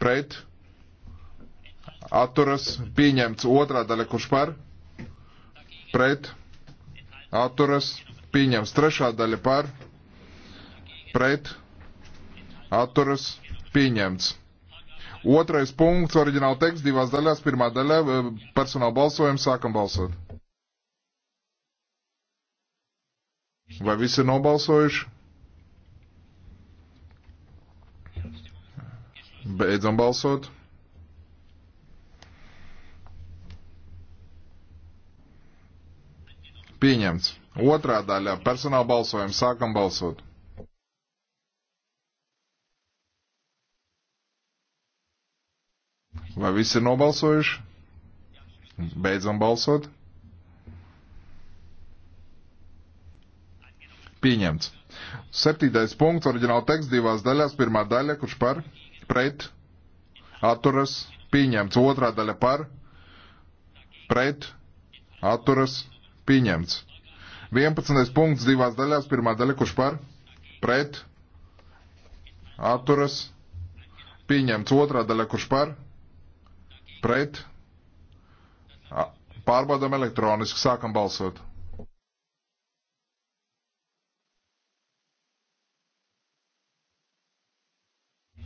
pret, atturas, pieņemts otrā daļa, kurš par, pret, atturas, pieņemts trešā daļa par, pret, atturas, pieņemts. Otrais punkts, oriģināla teksts divās daļās, pirmā daļā eh, personāla balsojums, sākam balsot. Vai visi ir nobalsojuši? Beidzam balsot. Pieņemts. Otrā daļā personāla balsojums. Sākam balsot. Vai visi ir nobalsojuši? Beidzam balsot. Pieņemts. Septītais punkts, oriģināla teksts divās daļās. Pirmā daļa, kurš par? pret, atturas, pieņemts. Otrā daļa par, pret, atturas, pieņemts. 11. punkts divās daļās. Pirmā daļa, kurš par, pret, atturas, pieņemts. Otrā daļa, kurš par, pret, pārbaudam elektroniski, sākam balsot.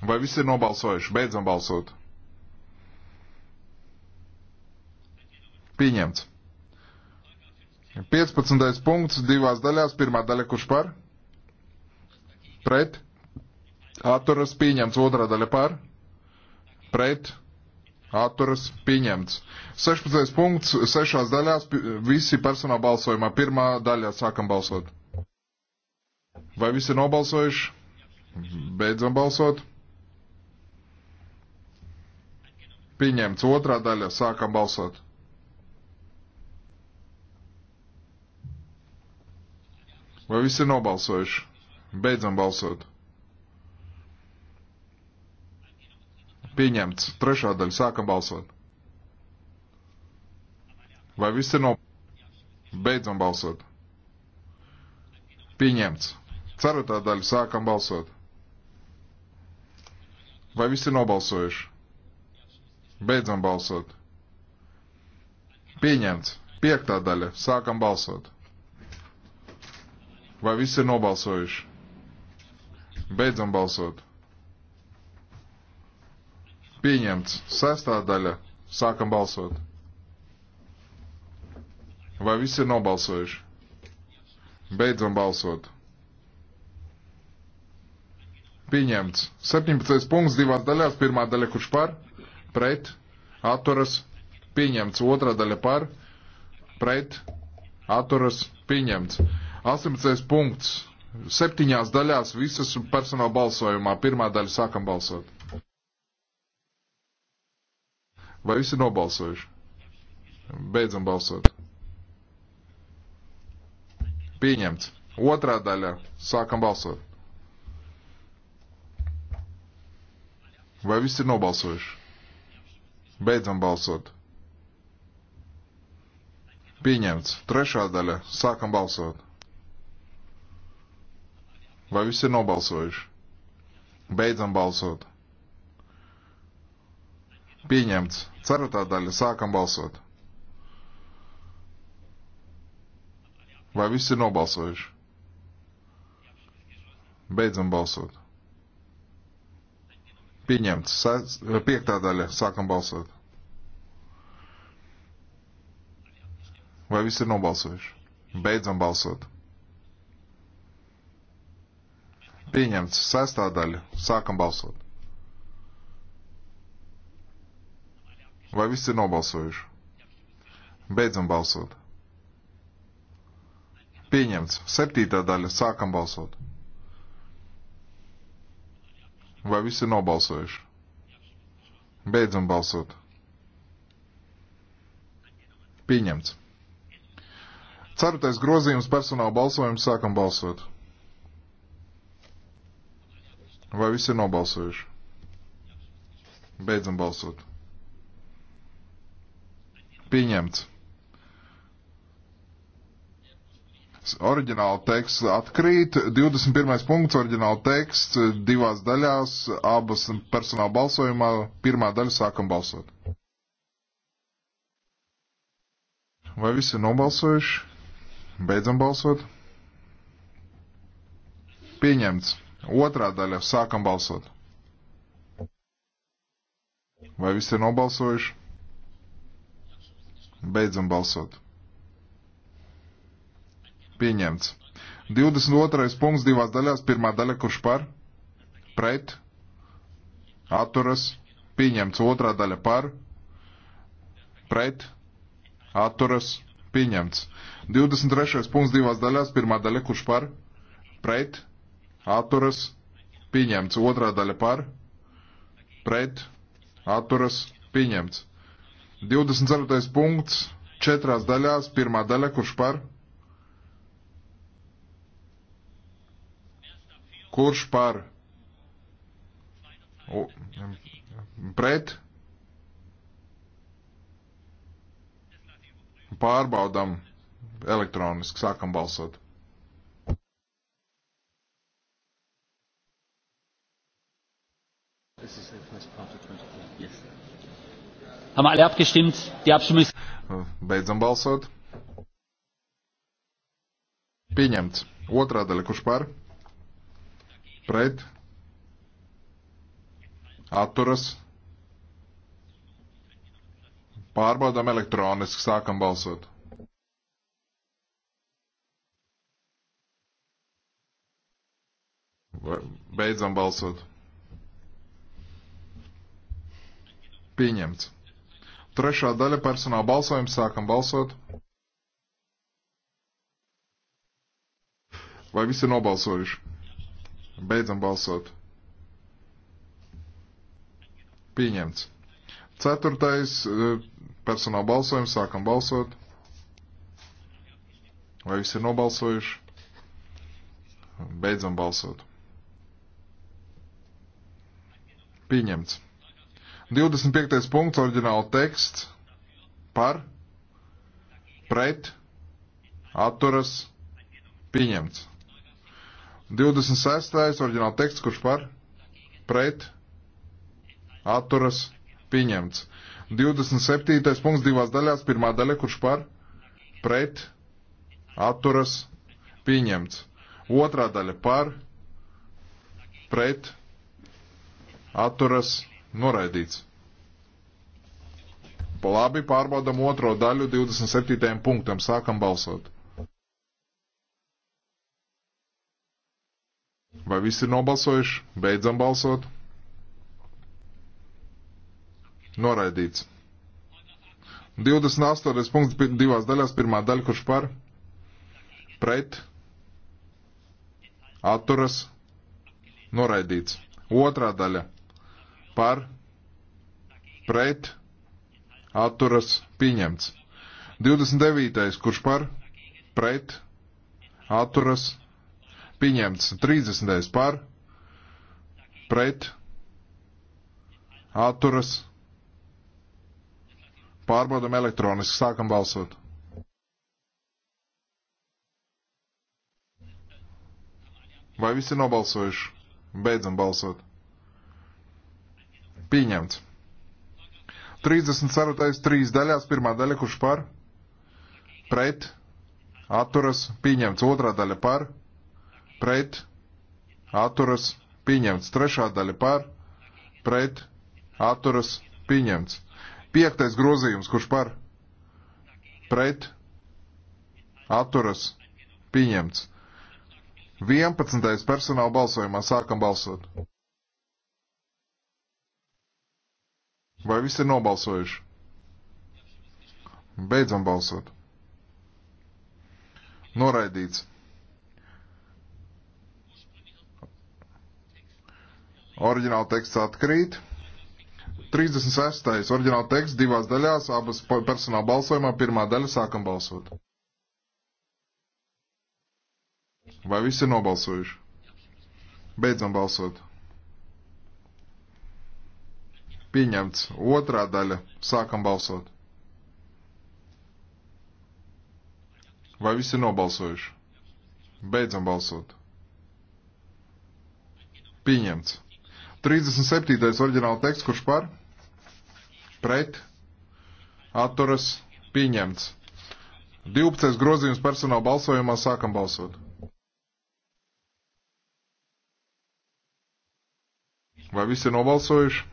Vai visi ir nobalsojuši? Beidzam balsot. Pieņemts. 15. punkts divās daļās. Pirmā daļa, kurš par? Pret. Atturas pieņemts. Otrā daļa par? Pret. Atturas pieņemts. 16. punkts sešās daļās. Visi personā balsojumā. Pirmā daļā sākam balsot. Vai visi ir nobalsojuši? Beidzam balsot. Pieņemts otrā daļa. Sākam balsot. Vai visi ir nobalsojuši? Beidzam balsot. Pieņemts. Trešā daļa. Sākam balsot. Vai visi ir nobalsojuši? Beidzam balsot. Pieņemts. Ceturtā daļa. Sākam balsot. Vai visi ir nobalsojuši? Beidzam balsot. Pieņemts. Piektā daļa. Sākam balsot. Vai visi ir nobalsojuši? Beidzam balsot. Pieņemts. Sestā daļa. Sākam balsot. Vai visi ir nobalsojuši? Beidzam balsot. Pieņemts. 17. punkts divās daļās. Pirmā daļa, kurš par? pret, atturas, pieņemts. Otrā daļa par, pret, atturas, pieņemts. 18. punkts. Septiņās daļās visas personāla balsojumā. Pirmā daļa sākam balsot. Vai visi nobalsojuši? Beidzam balsot. Pieņemts. Otrā daļa. Sākam balsot. Vai visi ir nobalsojuši? Beidzam balsot. Pieņemts. Trešā daļa. Sākam balsot. Vai visi ir nobalsojuši? Beidzam balsot. Pieņemts. Ceturtā daļa. Sākam balsot. Vai visi ir nobalsojuši? Beidzam balsot. Pieņemts. Piektā daļa. Sākam balsot. Vai viss ir nobalsojuši? Beidzam balsot. Pieņemts. Sestā daļa. Sākam balsot. Vai viss ir nobalsojuši? Beidzam balsot. Pieņemts. Septītā daļa. Sākam balsot. Vai visi ir nobalsojuši? Beidzam balsot. Pieņemts. Ceturtais grozījums personāla balsojums sākam balsot. Vai visi ir nobalsojuši? Beidzam balsot. Pieņemts. Oriģināla teksts atkrīt, 21. punkts, oriģināla teksts divās daļās, abas personāla balsojumā, pirmā daļa sākam balsot. Vai visi ir nobalsojuši? Beidzam balsot. Pieņemts. Otrā daļa sākam balsot. Vai visi ir nobalsojuši? Beidzam balsot. Pieņemts. 22. punkts divās daļās. Pirmā daļa, kurš par, pret, atturas, pieņemts. Otrā daļa par, pret, atturas, pieņemts. 23. punkts divās daļās. Pirmā daļa, kurš par, pret, atturas, pieņemts. Otrā daļa par, pret, atturas, pieņemts. 24. punkts četrās daļās. Pirmā daļa, kurš par, pret, Kurš par? U, pret? Pārbaudam elektroniski, sākam balsot. Haben alle abgestimmt? Die Abstimmung ist. Beidzam balsot. Pieņemts. Otrā daļa, kurš par? pret, atturas, pārbaudām elektroniski, sākam balsot. Beidzam balsot. Pieņemts. Trešā daļa personāla balsojums, sākam balsot. Vai visi nobalsojuši? Beidzam balsot. Pieņemts. Ceturtais eh, personāla balsojums. Sākam balsot. Vai visi ir nobalsojuši? Beidzam balsot. Pieņemts. 25. punkts, oriģināla teksts par, pret, atturas, pieņemts. 26. oriģināla teksts, kurš par, pret, atturas, pieņemts. 27. punkts divās daļās, pirmā daļa, kurš par, pret, atturas, pieņemts. Otrā daļa par, pret, atturas, noraidīts. Labi, pārbaudam otro daļu 27. punktam, sākam balsot. Vai visi ir nobalsojuši? Beidzam balsot. Noraidīts. 28. punkts divās daļās. Pirmā daļa, kurš par? Pret. Atturas. Noraidīts. Otrā daļa. Par. Pret. Atturas. Pieņemts. 29. kurš par? Pret. Atturas pieņemts. 30. par, pret, atturas. Pārbaudam elektroniski, sākam balsot. Vai visi ir nobalsojuši? Beidzam balsot. Pieņemts. 34. trīs daļās, pirmā daļa, kurš par? Pret. Atturas. Pieņemts. Otrā daļa par? pret, atturas, pieņemts. Trešā daļa par, pret, atturas, pieņemts. Piektais grozījums, kurš par, pret, atturas, pieņemts. 11. personāla balsojumā sākam balsot. Vai visi ir nobalsojuši? Beidzam balsot. Noraidīts. Oriģināla teksts atkrīt. 36. Oriģināla teksts divās daļās, abas personāla balsojumā. Pirmā daļa sākam balsot. Vai visi ir nobalsojuši? Beidzam balsot. Pieņemts. Otrā daļa. Sākam balsot. Vai visi ir nobalsojuši? Beidzam balsot. Pieņemts. 37. oriģināla teksts, kurš par? Pret. Atturas. Pieņemts. 12. grozījums personāla balsojumā sākam balsot. Vai visi ir nobalsojuši?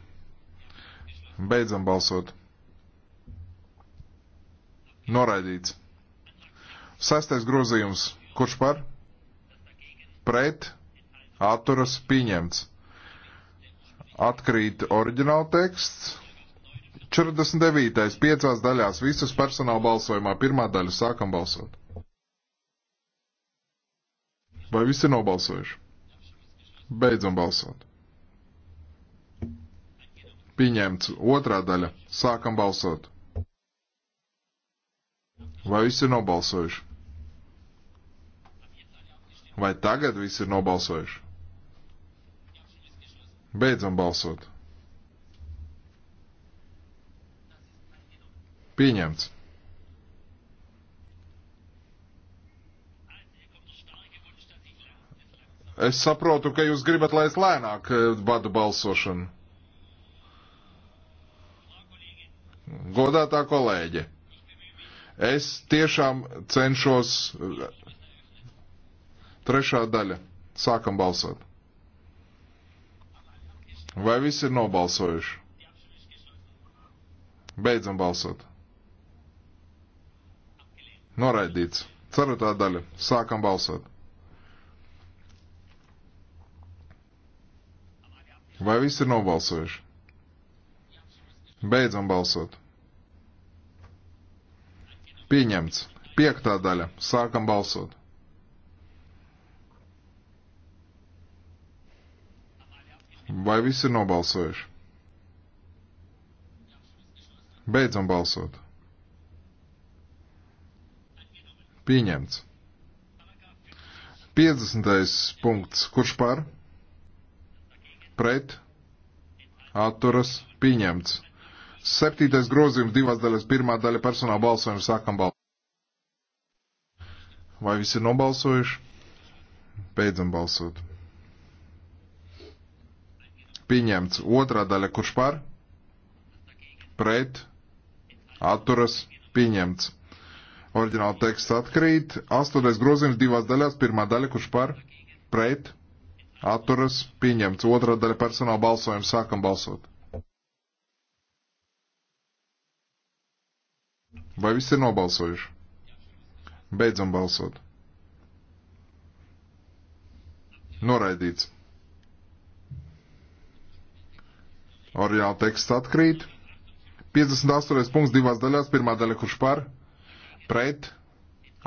Beidzam balsot. Noraidīts. Sestais grozījums. Kurš par? Pret. Atturas pieņemts. Atkrīt oriģināla teksts. 49. piecās daļās visas personāla balsojumā. Pirmā daļa sākam balsot. Vai visi ir nobalsojuši? Beidzam balsot. Pieņemts. Otrā daļa. Sākam balsot. Vai visi ir nobalsojuši? Vai tagad visi ir nobalsojuši? Beidzam balsot. Pieņemts. Es saprotu, ka jūs gribat, lai es lēnāk vadu eh, balsošanu. Godātā kolēģe, es tiešām cenšos. Eh, trešā daļa. Sākam balsot. Vai visi ir nobalsojuši? Beidzam balsot. Noraidīts. Ceturtā daļa. Sākam balsot. Vai visi ir nobalsojuši? Beidzam balsot. Pieņemts. Piektā daļa. Sākam balsot. Vai visi ir nobalsojuši? Beidzam balsot. Pieņemts. 50. punkts. Kurš par? Pret. Atturas. Pieņemts. 7. grozījums divās daļas. Pirmā daļa personāla balsojuma. Sākam balsot. Vai visi ir nobalsojuši? Beidzam balsot pieņemts. Otrā daļa, kurš par? Pret. Atturas. Pieņemts. Oriģināla teksts atkrīt. Astotais grozījums divās daļās. Pirmā daļa, kurš par? Pret. Atturas. Pieņemts. Otrā daļa personāla balsojums. Sākam balsot. Vai visi ir nobalsojuši? Beidzam balsot. Noraidīts. Orjāla teksts atkrīt. 58. punkts divās daļās. Pirmā daļa, kurš par, pret,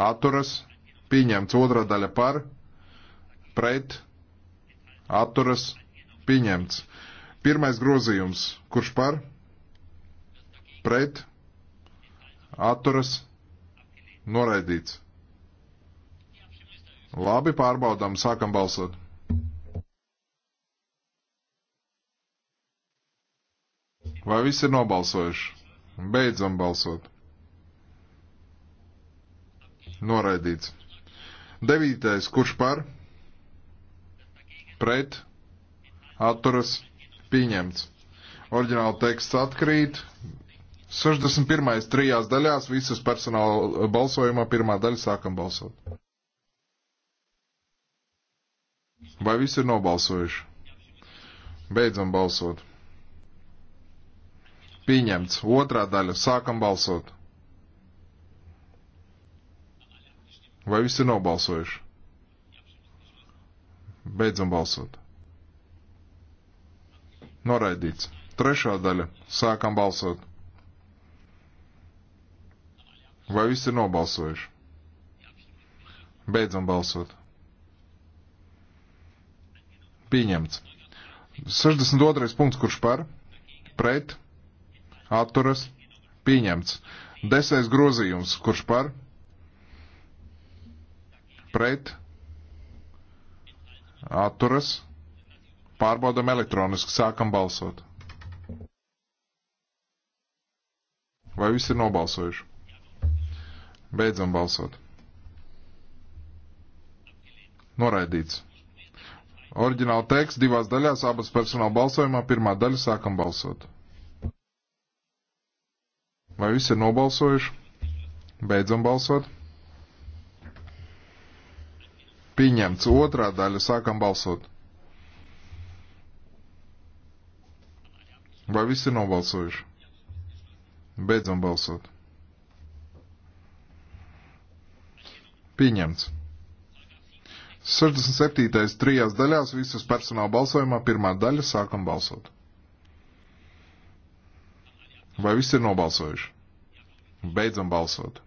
atturas, pieņemts. Otrā daļa par, pret, atturas, pieņemts. Pirmais grozījums, kurš par, pret, atturas, noraidīts. Labi, pārbaudām, sākam balsot. Vai visi ir nobalsojuši? Beidzam balsot. Noraidīts. Devītais, kurš par? Pret? Atturas? Pieņemts. Oriģināla teksts atkrīt. 61. trijās daļās visas personāla balsojumā pirmā daļa sākam balsot. Vai visi ir nobalsojuši? Beidzam balsot. Pieņemts. Otrā daļa. Sākam balsot. Vai visi ir nobalsojuši? Beidzam balsot. Noraidīts. Trešā daļa. Sākam balsot. Vai visi ir nobalsojuši? Beidzam balsot. Pieņemts. 62. punkts, kurš par? Pret? atturas pieņemts. Desais grozījums, kurš par? Pret atturas pārbaudam elektroniski, sākam balsot. Vai visi ir nobalsojuši? Beidzam balsot. Noraidīts. Oriģināla teksts divās daļās, abas personāla balsojumā, pirmā daļa sākam balsot. Vai visi ir nobalsojuši? Beidzam balsot. Pieņemts otrā daļa, sākam balsot. Vai visi ir nobalsojuši? Beidzam balsot. Pieņemts. 67. trijās daļās visas personāla balsojumā pirmā daļa sākam balsot. Vai visi ir nobalsojuši? Beidzam balsot.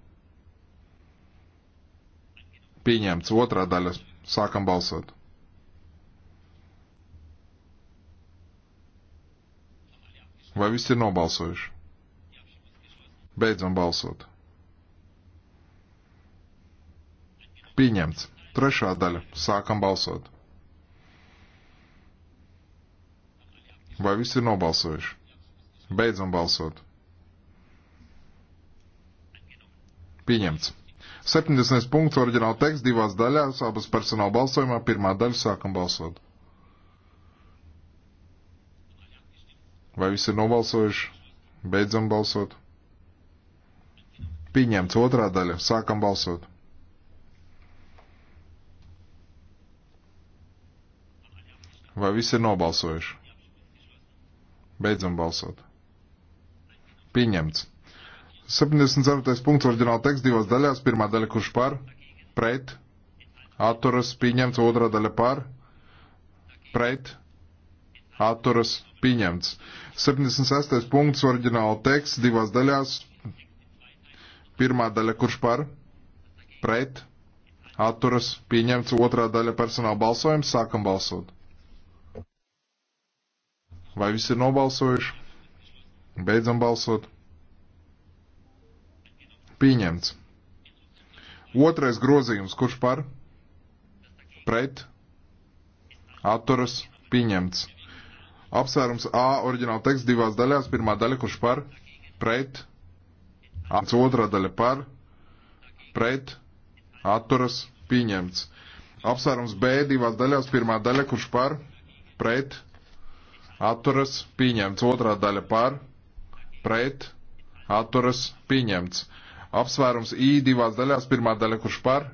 Pieņemts otrā daļa. Sākam balsot. Vai viss ir nobalsojuši? Beidzam balsot. Pieņemts. Trešā daļa. Sākam balsot. Vai viss ir nobalsojuši? Beidzam balsot. Pieņemts. 70. punkts, oriģināla teksts, divās daļās, abas personāla balsojumā. Pirmā daļa sākam balsot. Vai visi ir nobalsojuši? Beidzam balsot. Pieņemts otrā daļa. Sākam balsot. Vai visi ir nobalsojuši? Beidzam balsot. Pieņemts. 74. punkts oriģināla teksts divās daļās. Pirmā daļa, kurš par, pret, atturas, pieņemts. Otrā daļa par, pret, atturas, pieņemts. 76. punkts oriģināla teksts divās daļās. Pirmā daļa, kurš par, pret, atturas, pieņemts. Otrā daļa personāla balsojums. Sākam balsot. Vai visi ir nobalsojuši? Beidzam balsot. Pieņemts. Otrais grozījums, kurš par? Pret. Atturas. Pieņemts. Apsvērums A, oriģināla teksts divās daļās. Pirmā daļa, kurš par? Pret. Ats otrā daļa par? Pret. Atturas. Pieņemts. Apsvērums B divās daļās. Pirmā daļa, kurš par? Pret. Atturas. Pieņemts. Otrā daļa par? Pret. Atturas. Pieņemts. Apsvērums I divās daļās. Pirmā daļa, kurš par,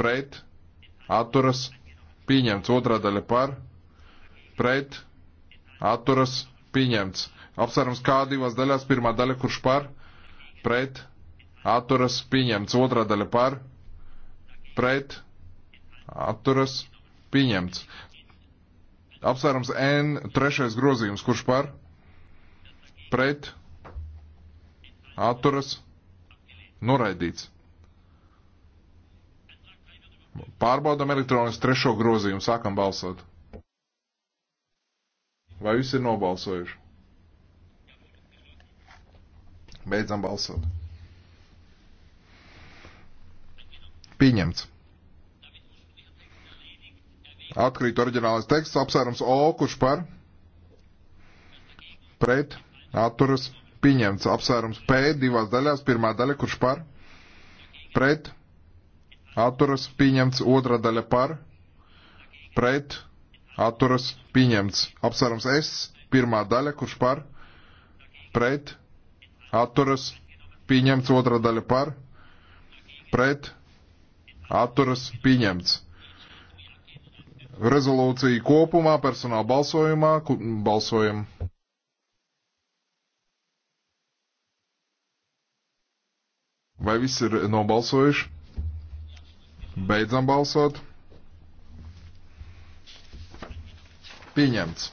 pret, atturas, pieņemts. Otrā daļa par, pret, atturas, pieņemts. Apsvērums K divās daļās. Pirmā daļa, kurš par, pret, atturas, pieņemts. Otrā daļa par, pret, atturas, pieņemts. Apsvērums N trešais grozījums, kurš par, pret, atturas, pieņemts. Noraidīts. Pārbaudam elektronisku trešo grozījumu, sākam balsot. Vai visi ir nobalsojuši? Beidzam balsot. Pieņemts. Atkrīt oriģinālais teksts, apsvērums O, kurš par? Pret, atturas, Pieņemts apsvērums P divās daļās. Pirmā daļa, kurš par? Pret. Atturas pieņemts. Otra daļa par? Pret. Atturas pieņemts. Apsvērums S. Pirmā daļa, kurš par? Pret. Atturas pieņemts. Otra daļa par? Pret. Atturas pieņemts. Rezolūcija kopumā personāla balsojumā balsojam. Vai viss ir nobalsojuši? Beidzam balsot. Pieņemts.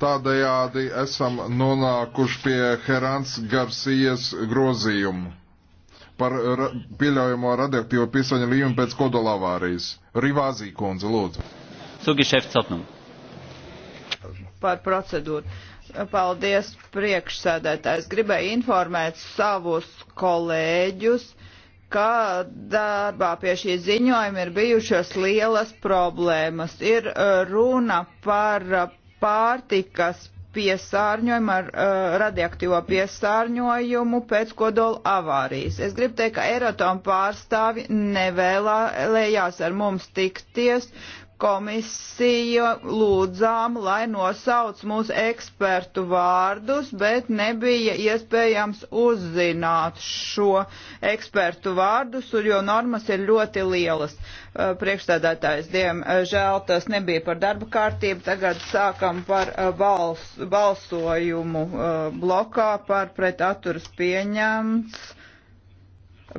Tādējādi esam nonākuši pie Herants Garcijas grozījumu par ra pieļaujamo radioaktīvo piesaņu līmeni pēc kodolavārijas. Rivāzī kundze, lūdzu. Par procedūru. Paldies, priekšsēdētājs. Gribēju informēt savus kolēģus, ka darbā pie šī ziņojuma ir bijušas lielas problēmas. Ir uh, runa par uh, pārtikas piesārņojumu, ar uh, radioaktīvo piesārņojumu pēc kodola avārijas. Es gribu teikt, ka Eirotom pārstāvi nevēlējās ar mums tikties komisiju lūdzām, lai nosauc mūsu ekspertu vārdus, bet nebija iespējams uzzināt šo ekspertu vārdus, jo normas ir ļoti lielas. Uh, priekšstādātājs, diemžēl tas nebija par darba kārtību. Tagad sākam par uh, bals, balsojumu uh, blokā par pret atturas pieņemts.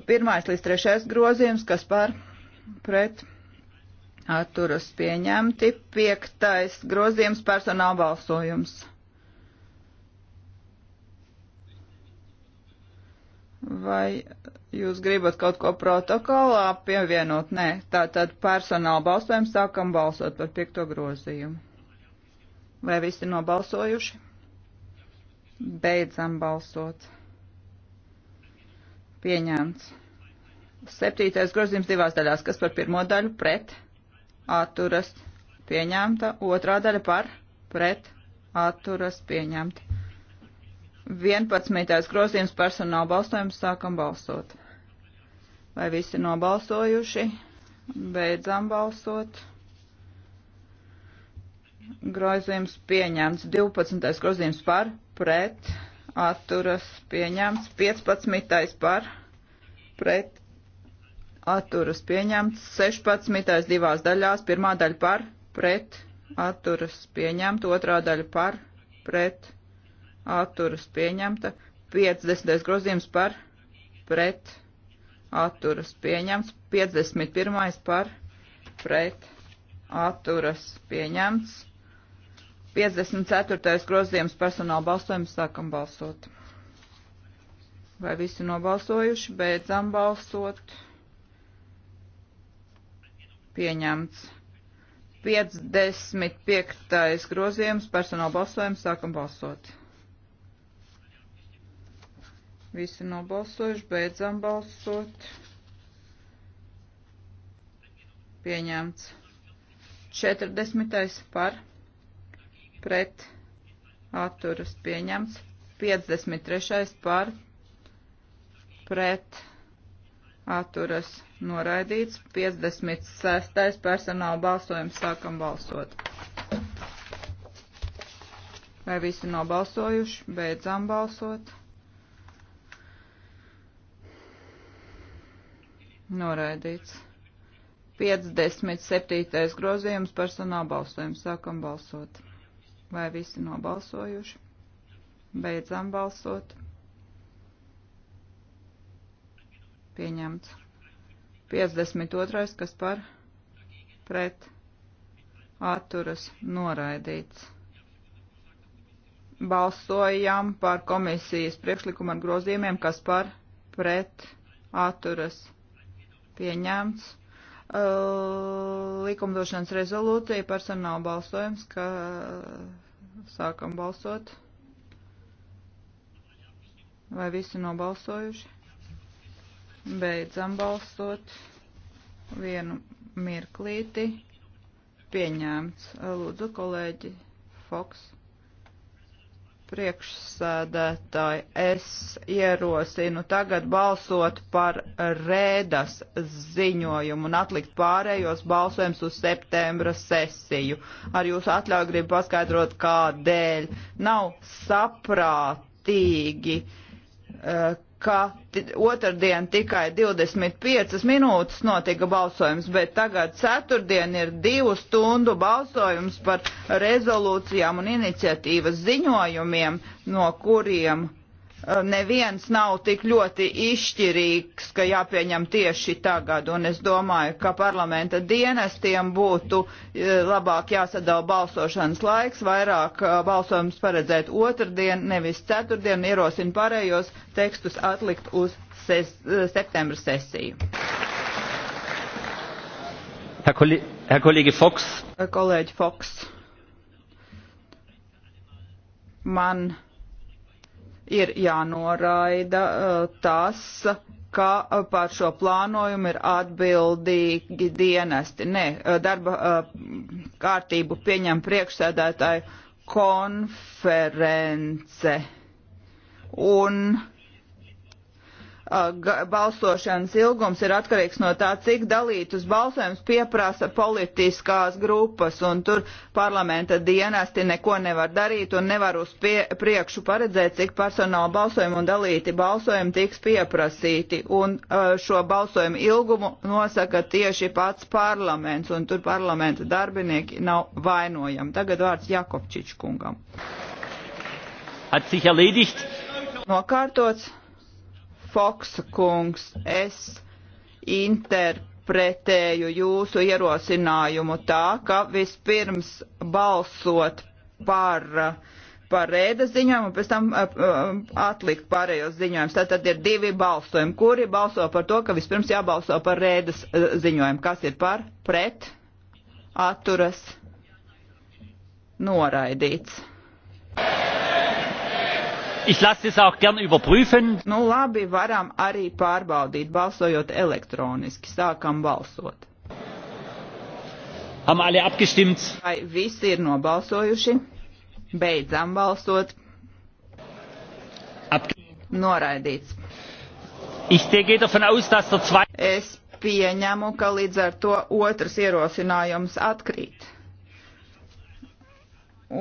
Pirmais līdz trešais grozījums, kas par pret atturas atturas pieņemti. Piektais grozījums personāla balsojums. Vai jūs gribat kaut ko protokolā pievienot? Nē, tātad personāla balsojumu sākam balsot par piekto grozījumu. Vai visi nobalsojuši? Beidzam balsot. Pieņemts. Septītais grozījums divās daļās. Kas par pirmo daļu? Pret atturas pieņemta, otrā daļa par pret atturas pieņemta. 11. grozījums personāla balsojums sākam balsot. Vai visi nobalsojuši? Beidzam balsot. Grozījums pieņemts. 12. grozījums par pret atturas pieņemts. 15. par pret atturas pieņemts, 16. divās daļās, pirmā daļa par, pret, atturas pieņemta, otrā daļa par, pret, atturas pieņemta, 50. grozījums par, pret, atturas pieņemts, 51. par, pret, atturas pieņemts, 54. grozījums personāla balsojums, sākam balsot. Vai visi nobalsojuši? Beidzam balsot pieņemts. 55. grozījums personāla balsojums sākam balsot. Visi nobalsojuši, beidzam balsot. Pieņemts. 40. par, pret, atturas pieņemts. 53. par, pret, atturas noraidīts. 56. personāla balsojums sākam balsot. Vai visi nobalsojuši? Beidzam balsot. Noraidīts. 57. grozījums personāla balsojums sākam balsot. Vai visi nobalsojuši? Beidzam balsot. pieņemts. 52. kas par pret atturas noraidīts. Balsojam par komisijas priekšlikumu ar grozījumiem, kas par pret atturas pieņemts. Likumdošanas rezolūcija personāla balsojums, ka sākam balsot. Vai visi nobalsojuši? Beidzam balsot. Vienu mirklīti. Pieņēmts. Lūdzu, kolēģi Foks. Priekšsēdētāji, es ierosinu tagad balsot par rēdas ziņojumu un atlikt pārējos balsojums uz septembra sesiju. Ar jūsu atļauju gribu paskaidrot, kādēļ. Nav saprātīgi, uh, ka otrdien tikai 25 minūtes notika balsojums, bet tagad ceturtdien ir divu stundu balsojums par rezolūcijām un iniciatīvas ziņojumiem, no kuriem Eh, neviens nav tik ļoti izšķirīgs, ka jāpieņem tieši tagad, un es domāju, ka parlamenta dienestiem būtu eh, labāk jāsadala balsošanas laiks, vairāk eh, balsojums paredzēt otrdien, nevis ceturtdien, ierosin pārējos tekstus atlikt uz ses, septembra sesiju. Herr Kollege, Herr Kollege Fox. Herr Kollege Fox. Man ir jānoraida eh, tas, ka par šo plānojumu ir atbildīgi dienesti. Nē, eh, darba eh, kārtību pieņem priekšsēdētāju konference. Un balsošanas ilgums ir atkarīgs no tā, cik dalītus balsojumus pieprasa politiskās grupas, un tur parlamenta dienesti neko nevar darīt un nevar uz pie, priekšu paredzēt, cik personāla balsojumu un dalīti balsojumi tiks pieprasīti, un šo balsojumu ilgumu nosaka tieši pats parlaments, un tur parlamenta darbinieki nav vainojami. Tagad vārds Jakovčičkungam. Hat sich erledigt. Nokārtots. Foksa kungs, es interpretēju jūsu ierosinājumu tā, ka vispirms balsot par par rēda ziņojumu un pēc tam atlikt pārējos ziņojumus. Tātad ir divi balsojumi, kuri balso par to, ka vispirms jābalso par rēdas eh, ziņojumu. Kas ir par, pret, atturas, noraidīts. Yeah. Ich lasse es auch gern überprüfen. Nu labi, varam arī pārbaudīt, balsojot elektroniski. Sākam balsot. Haben alle abgestimmt? Vai visi ir nobalsojuši? Beidzam balsot. Ab Noraidīts. Ich gehe davon aus, dass der zwei es pieņemu, ka līdz ar to otrs ierosinājums atkrīt.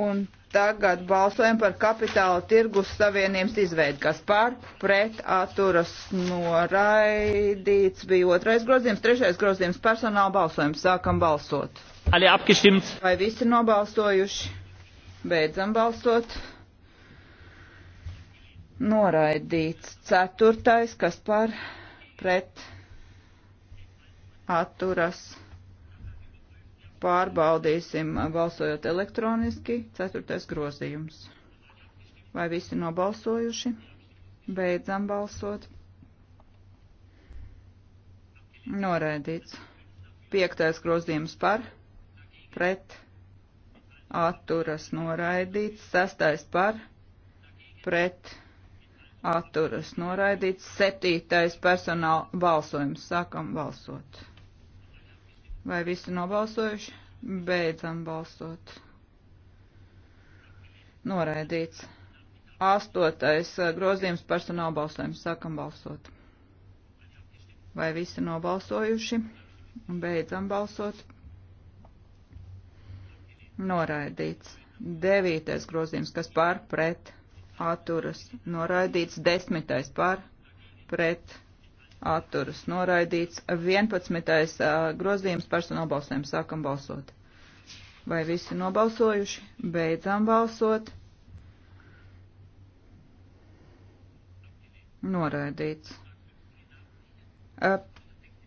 Un Tagad balsojam par kapitāla tirgus savienības izveidu, kas par pret atturas noraidīts bija otrais grozījums, trešais grozījums personāla balsojums. Sākam balsot. Vai visi nobalsojuši? Beidzam balsot. Noraidīts ceturtais, kas par pret atturas noraidīts Pārbaudīsim balsojot elektroniski. Ceturtais grozījums. Vai visi nobalsojuši? Beidzam balsot. Noraidīts. Piektais grozījums par, pret, atturas noraidīts. Sastais par, pret, atturas noraidīts. Septītais personāla balsojums. Sākam balsot. Vai visi nobalsojuši? Beidzam balsot. Noraidīts. Astotais eh, grozījums personāla balsojums. Sākam balsot. Vai visi nobalsojuši? Beidzam balsot. Noraidīts. Devītais grozījums, kas pār pret atturas. Noraidīts. Desmitais pār pret atturas atturas noraidīts. 11. grozījums personāla balsēm sākam balsot. Vai visi nobalsojuši? Beidzam balsot. Noraidīts.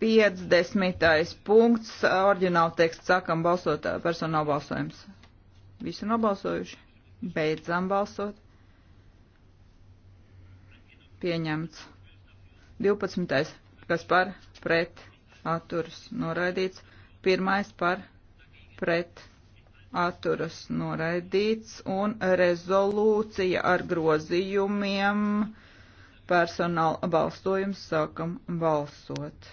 50. punkts, oriģināla teksts, sākam balsot personāla balsojums. Visi nobalsojuši? Beidzam balsot. Pieņemts. 12. kas par pret atturas noraidīts, 1. par pret atturas noraidīts un rezolūcija ar grozījumiem personāla balsojums sākam balsot.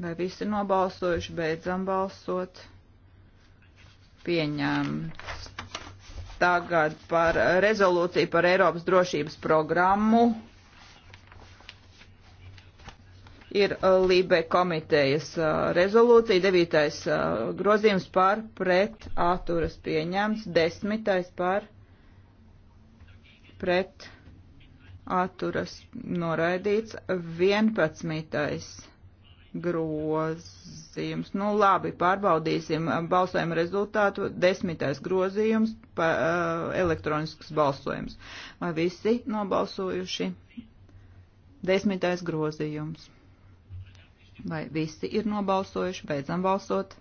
Vai visi nobalsojuši, beidzam balsot? Pieņemts tagad par rezolūciju par Eiropas drošības programmu. Ir Lībe komitejas uh, rezolūcija, devītais uh, grozījums par pret atturas pieņemts, desmitais par pret atturas noraidīts, vienpadsmitais grozījums. Nu labi, pārbaudīsim balsojumu rezultātu. Desmitais grozījums, pa, elektronisks balsojums. Vai visi nobalsojuši? Desmitais grozījums. Vai visi ir nobalsojuši? Beidzam balsot.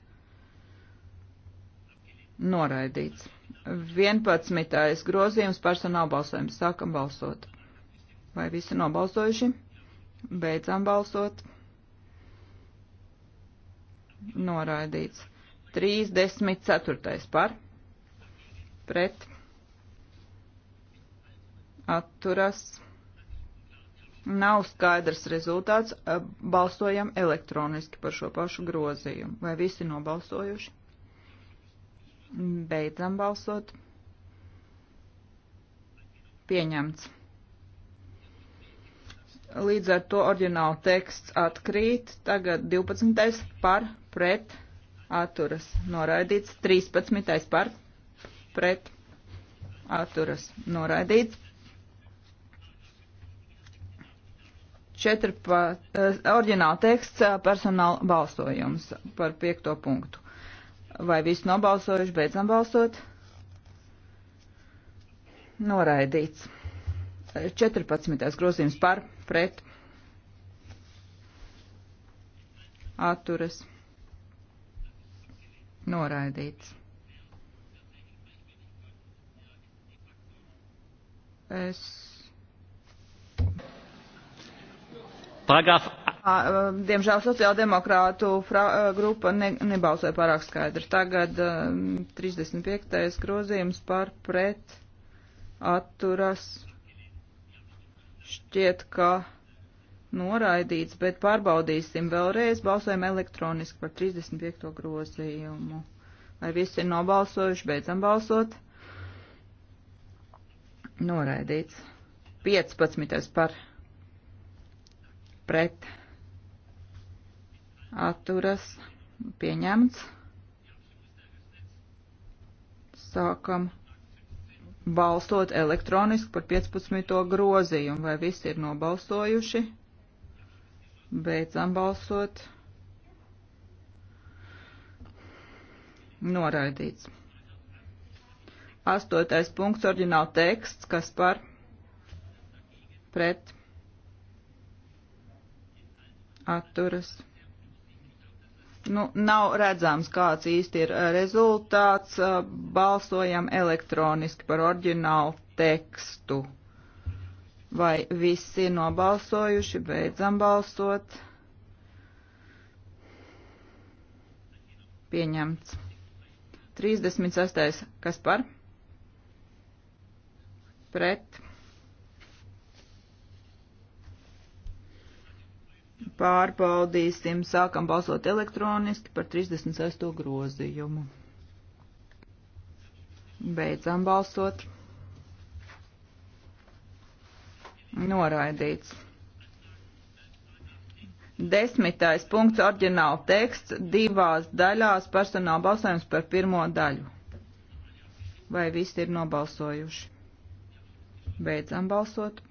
Noraidīts. 11. grozījums personāla balsojums. Sākam balsot. Vai visi nobalsojuši? Beidzam balsot noraidīts. 34. par pret atturas. Nav skaidrs rezultāts. Balsojam elektroniski par šo pašu grozījumu. Vai visi nobalsojuši? Beidzam balsot. Pieņemts. Līdz ar to oriģināla teksts atkrīt. Tagad 12. par pret atturas noraidīts, 13. par pret atturas noraidīts, 4. Eh, Orģināla teksts eh, personāla balsojums par 5. punktu. Vai visi nobalsojuši, beidzam balsot? Noraidīts. 14. grozījums par pret atturas noraidīts noraidīts. Es. Paragraf. Diemžēl sociāldemokrātu grupa ne, nebalsoja pārāk skaidri. Tagad um, 35. grozījums par pret atturas šķiet, ka noraidīts, bet pārbaudīsim vēlreiz. Balsojam elektroniski par 35. grozījumu. Vai visi ir nobalsojuši? Beidzam balsot. Noraidīts. 15. par pret atturas pieņemts. Sākam balsot elektroniski par 15. grozījumu. Vai visi ir nobalsojuši? Beidzam balsot. Noraidīts. Astotais punkts, oriģināla teksts, kas par pret atturas. Nu, nav redzams, kāds īsti ir eh, rezultāts. Balsojam elektroniski par oriģinālu tekstu. Vai visi ir nobalsojuši? Beidzam balsot. Pieņemts. 36. Kas par? Pret. Pārbaudīsim, sākam balsot elektroniski par 36. grozījumu. Beidzam balsot. Noraidīts. Desmitais punkts orģināla teksts divās daļās personāla balsojums par pirmo daļu. Vai visi ir nobalsojuši? Beidzam balsot.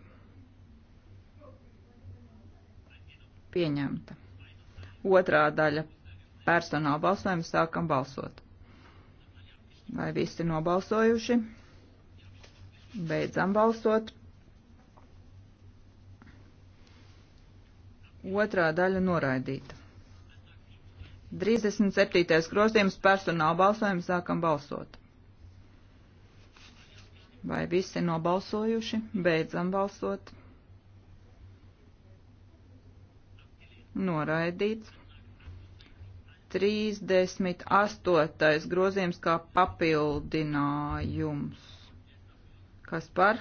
Pieņemta. Otrā daļa personāla balsojums sākam balsot. Vai visi ir nobalsojuši? Beidzam balsot. Otrā daļa noraidīta. 37. grozījums personāla balsojums sākam balsot. Vai visi nobalsojuši? Beidzam balsot. Noraidīts. 38. grozījums kā papildinājums. Kas par?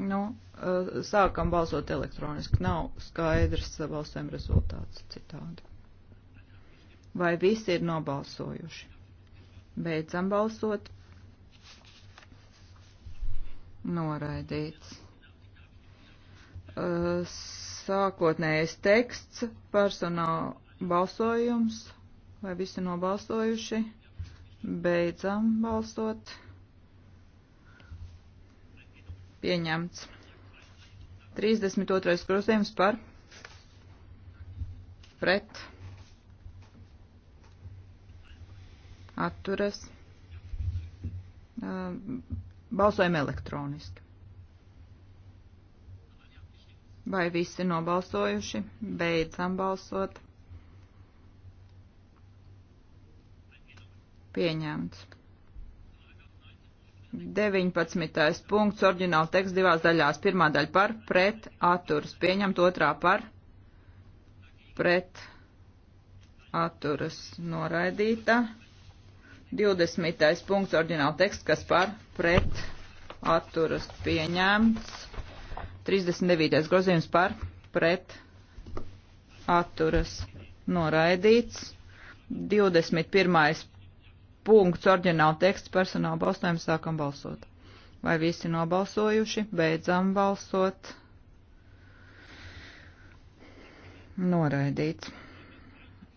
Nu, eh, sākam balsot elektroniski. Nav skaidrs eh, balsēm rezultāts citādi. Vai visi ir nobalsojuši? Beidzam balsot. Noraidīts. Eh, sākotnējais teksts, personāla balsojums, vai visi nobalsojuši? Beidzam balsot. Pieņemts. 32. grozījums par pret atturas. Balsojam elektroniski. Vai visi nobalsojuši? Beidzam balsot. Pieņemts. 19. punkts, oriģināla teksts divās daļās. Pirmā daļa par pret atturas pieņemt, otrā par pret atturas noraidīta. 20. punkts, oriģināla teksts, kas par pret atturas pieņemts. 39. grozījums par pret atturas noraidīts. 21 punkts, orģināla teksts, personāla balsojums, sākam balsot. Vai visi nobalsojuši? Beidzam balsot. Noraidīts.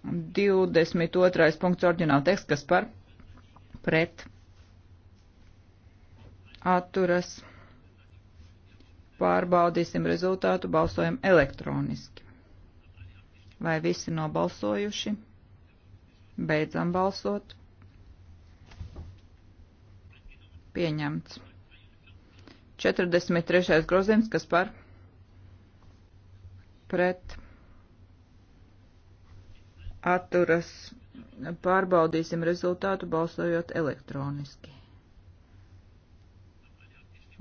22. punkts orģināla teksts, kas par pret atturas. Pārbaudīsim rezultātu, balsojam elektroniski. Vai visi nobalsojuši? Beidzam balsot. Pieņemts. 43. grozījums, kas par pret atturas. Pārbaudīsim rezultātu balsojot elektroniski.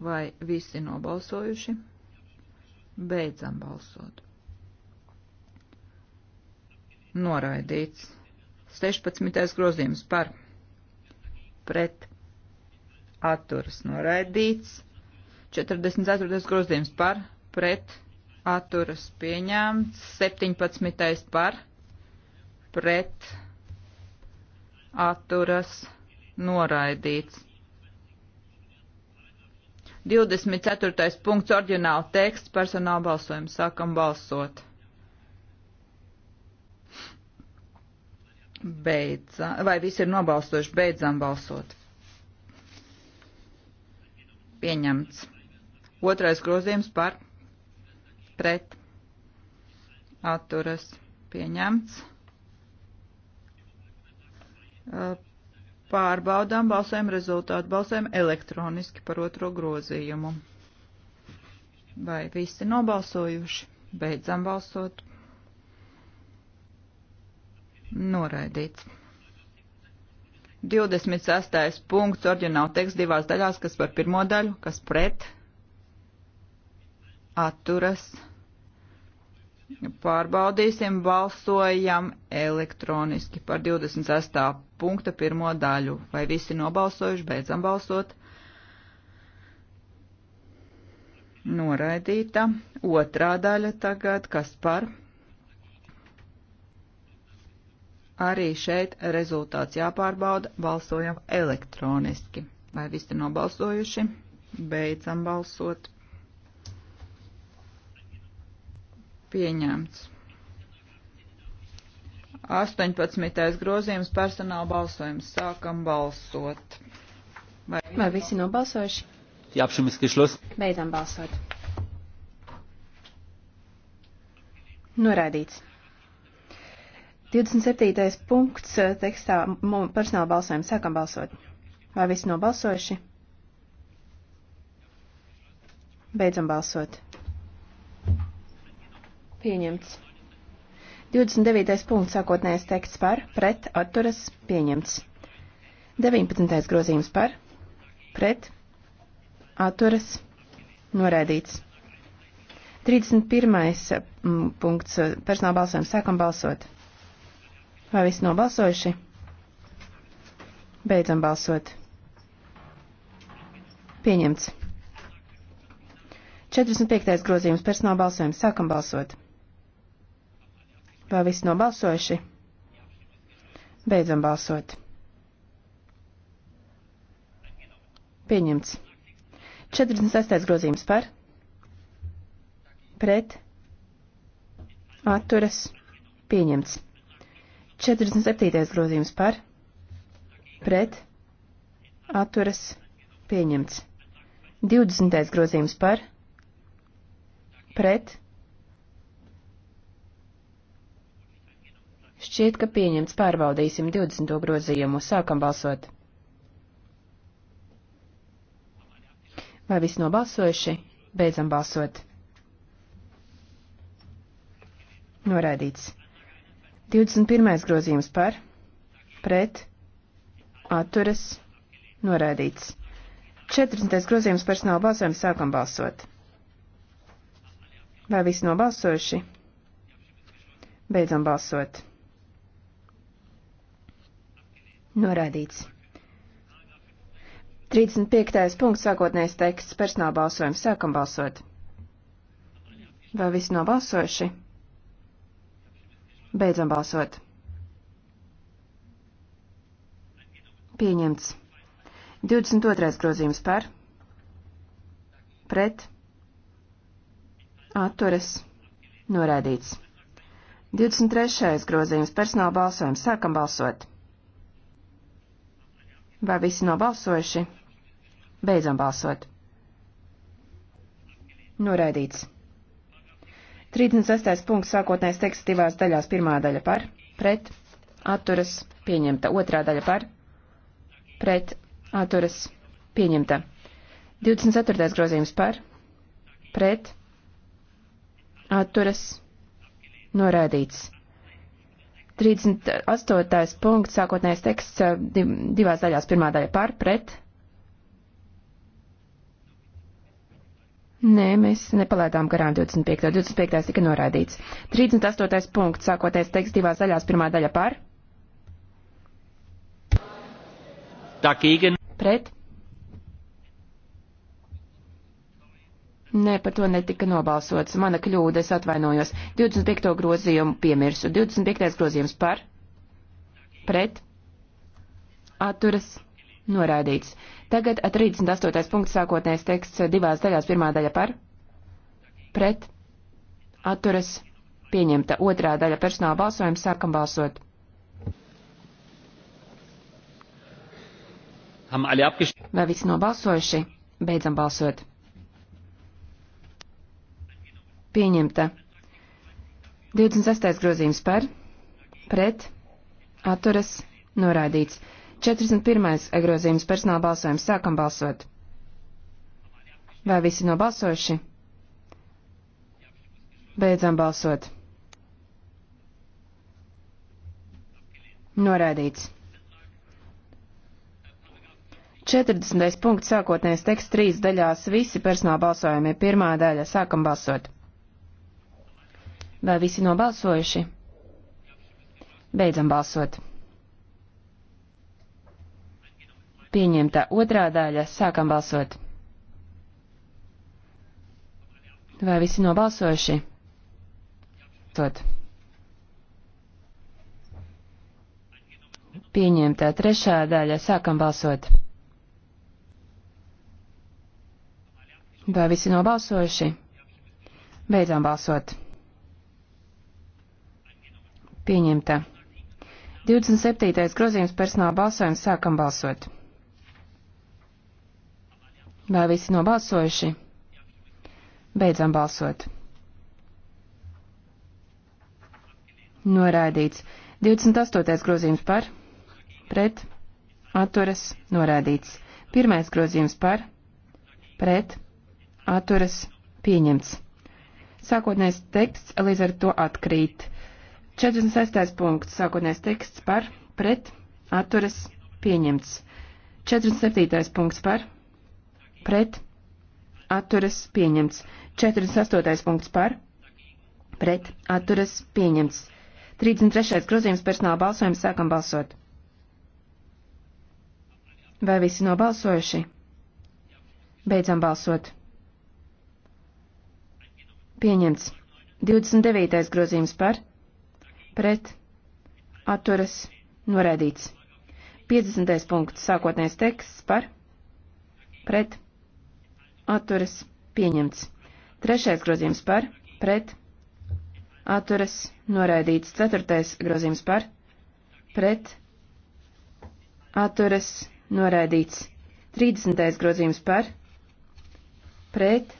Vai visi nobalsojuši? Beidzam balsot. Noraidīts. 16. grozījums par pret atturas noraidīts. 44. grozījums par, pret, atturas pieņemts. 17. par, pret, atturas noraidīts. 24. punkts orģināla teksts personāla balsojums. Sākam balsot. Beidzam, vai visi ir nobalsojuši? Beidzam balsot pieņemts. Otrais grozījums par pret atturas pieņemts. Pārbaudām balsēm rezultātu balsēm elektroniski par otro grozījumu. Vai visi nobalsojuši? Beidzam balsot. Noraidīts. 26. punkts, orģināla teksts divās daļās, kas par pirmo daļu, kas pret, atturas. Pārbaudīsim, balsojam elektroniski par 26. punkta pirmo daļu. Vai visi nobalsojuši, beidzam balsot? Noraidīta. Otrā daļa tagad, kas par? Arī šeit rezultāts jāpārbauda, balsojam elektroniski. Vai visi nobalsojuši? Beidzam balsot. Pieņemts. 18. grozījums personāla balsojums. Sākam balsot. Vai, Vai visi nobalsojuši? Die Abstimmung ist geschlossen. Beidzam balsot. Noraidīts. 27. punkts eh, tekstā personāla balsojuma. Sākam balsot. Vai visi nobalsojuši? Beidzam balsot. Pieņemts. 29. punkts sākotnējais teksts par, pret, atturas, pieņemts. 19. grozījums par, pret, atturas, noraidīts. 31. Eh, punkts eh, personāla balsojums. Sākam balsot. Vai viss nobalsojuši? Beidzam balsot. Pieņemts. 45. grozījums personāla balsojums. Sākam balsot. Vai viss nobalsojuši? Beidzam balsot. Pieņemts. 46. grozījums par. Pret. Atturas. Pieņemts. 47. grozījums par, pret, atturas, pieņemts. 20. grozījums par, pret, šķiet, ka pieņemts pārbaudīsim 20. grozījumu, sākam balsot. Vai visi nobalsojuši? Beidzam balsot. Noraidīts. 21. grozījums par, pret, atturas, noraidīts. 40. grozījums personāla balsojums sākam balsot. Vai visi nobalsojuši? Beidzam balsot. Noraidīts. 35. punkts sākotnējais teksts personāla balsojums sākam balsot. Vai visi nobalsojuši? Beidzam balsot. Pieņemts. 22. grozījums par. Pret. Atturas. Norādīts. 23. grozījums personāla balsojums. Sākam balsot. Vai visi nobalsojuši? Beidzam balsot. Noraidīts. 36. punkts sākotnēs teksts divās daļās. Pirmā daļa par, pret, atturas, pieņemta. Otrā daļa par, pret, atturas, pieņemta. 24. grozījums par, pret, atturas, norādīts. 38. punkts sākotnējais teksts eh, divās daļās. Pirmā daļa par, pret, Nē, mēs nepalaidām garām 25. 25. tika noraidīts. 38. punkts, sākoties teksts divās daļās, pirmā daļa par. Dagegen. Pret. Nē, par to netika nobalsots. Mana kļūda, es atvainojos. 25. grozījumu piemirsu. 25. grozījums par. Pret. Atturas. Noraidīts. Tagad 38. punkts sākotnējais teksts divās daļās. Pirmā daļa par, pret, atturas, pieņemta. Otrā daļa personāla balsojums sākam balsot. Vai visi nobalsojuši? Beidzam balsot. Pieņemta. 26. grozījums par, pret, atturas, noraidīts. 41. grozījums personāla balsojums. Sākam balsot. Vai visi nobalsojuši? Beidzam balsot. Noraidīts. 40. punkts sākotnējais teksts trīs daļās visi personāla balsojumi. Pirmā daļa. Sākam balsot. Vai visi nobalsojuši? Beidzam balsot. pieņemta. Otrā daļa. Sākam balsot. Vai visi nobalsojuši? Tot. Pieņemta trešā daļa. Sākam balsot. Vai visi nobalsojuši? Beidzām balsot. Pieņemta. 27. grozījums personāla balsojums. Sākam balsot. Vai visi nobalsojuši? Beidzam balsot. Noraidīts. 28. grozījums par, pret, atturas, noraidīts. Pirmais grozījums par, pret, atturas, pieņemts. Sākotnējais teksts līdz ar to atkrīt. 46. punkts. Sākotnējais teksts par, pret, atturas, pieņemts. 47. punkts par, pret, atturas pieņemts. 48. punkts par, pret, atturas pieņemts. 33. grozījums personāla balsojums sākam balsot. Vai visi nobalsojuši? Beidzam balsot. Pieņemts. 29. grozījums par, pret, atturas, noraidīts. 50. punkts sākotnējais teksts par, pret, atturas atturas pieņemts. Trešais grozījums par, pret, atturas noraidīts. Ceturtais grozījums par, pret, atturas noraidīts. Trīsdesmitais grozījums par, pret,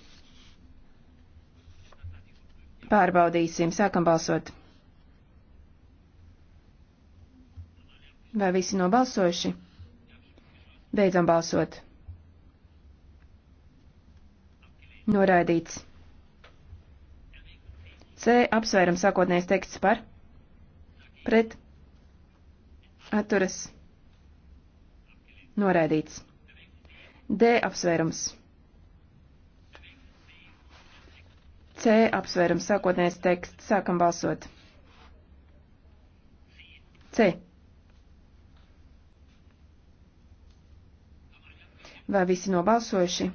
pārbaudīsim, sākam balsot. Vai visi nobalsojuši? Beidzam balsot. Noraidīts. C. Apsvērum sākotnējais teksts par. Pret. Atturas. Noraidīts. D. Apsvērums. C. Apsvērums sākotnējais teksts. Sākam balsot. C. Vai visi nobalsojuši?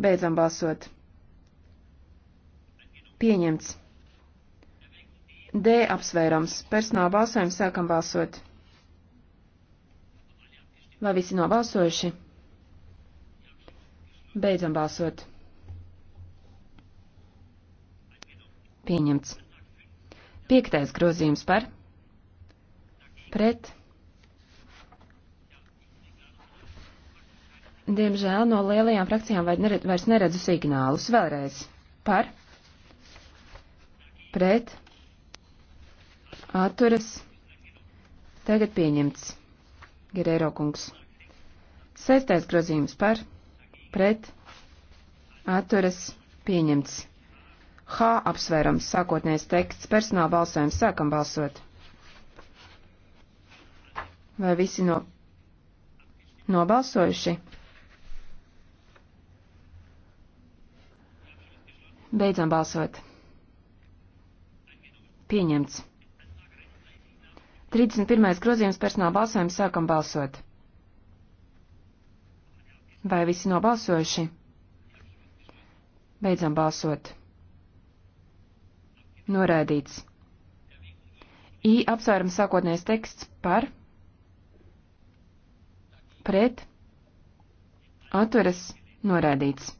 Beidzam balsot. Pieņemts. D apsvērums. Personāla balsojums sākam balsot. Vai visi nobalsojuši? Beidzam balsot. Pieņemts. Piektais grozījums par pret Diemžēl no lielajām frakcijām vairs neredzu signālus. Vēlreiz par, pret, atturas, tagad pieņemts. Gerēro kungs. Sestais grozījums par, pret, atturas, pieņemts. H apsvērums sākotnējais teksts personāla balsojums sākam balsot. Vai visi no, nobalsojuši? Beidzam balsot. Pieņemts. 31. grozījums personāla balsojums sākam balsot. Vai visi nobalsojuši? Beidzam balsot. Noraidīts. I apsvērums sākotnējais teksts par, pret, atturas, noraidīts.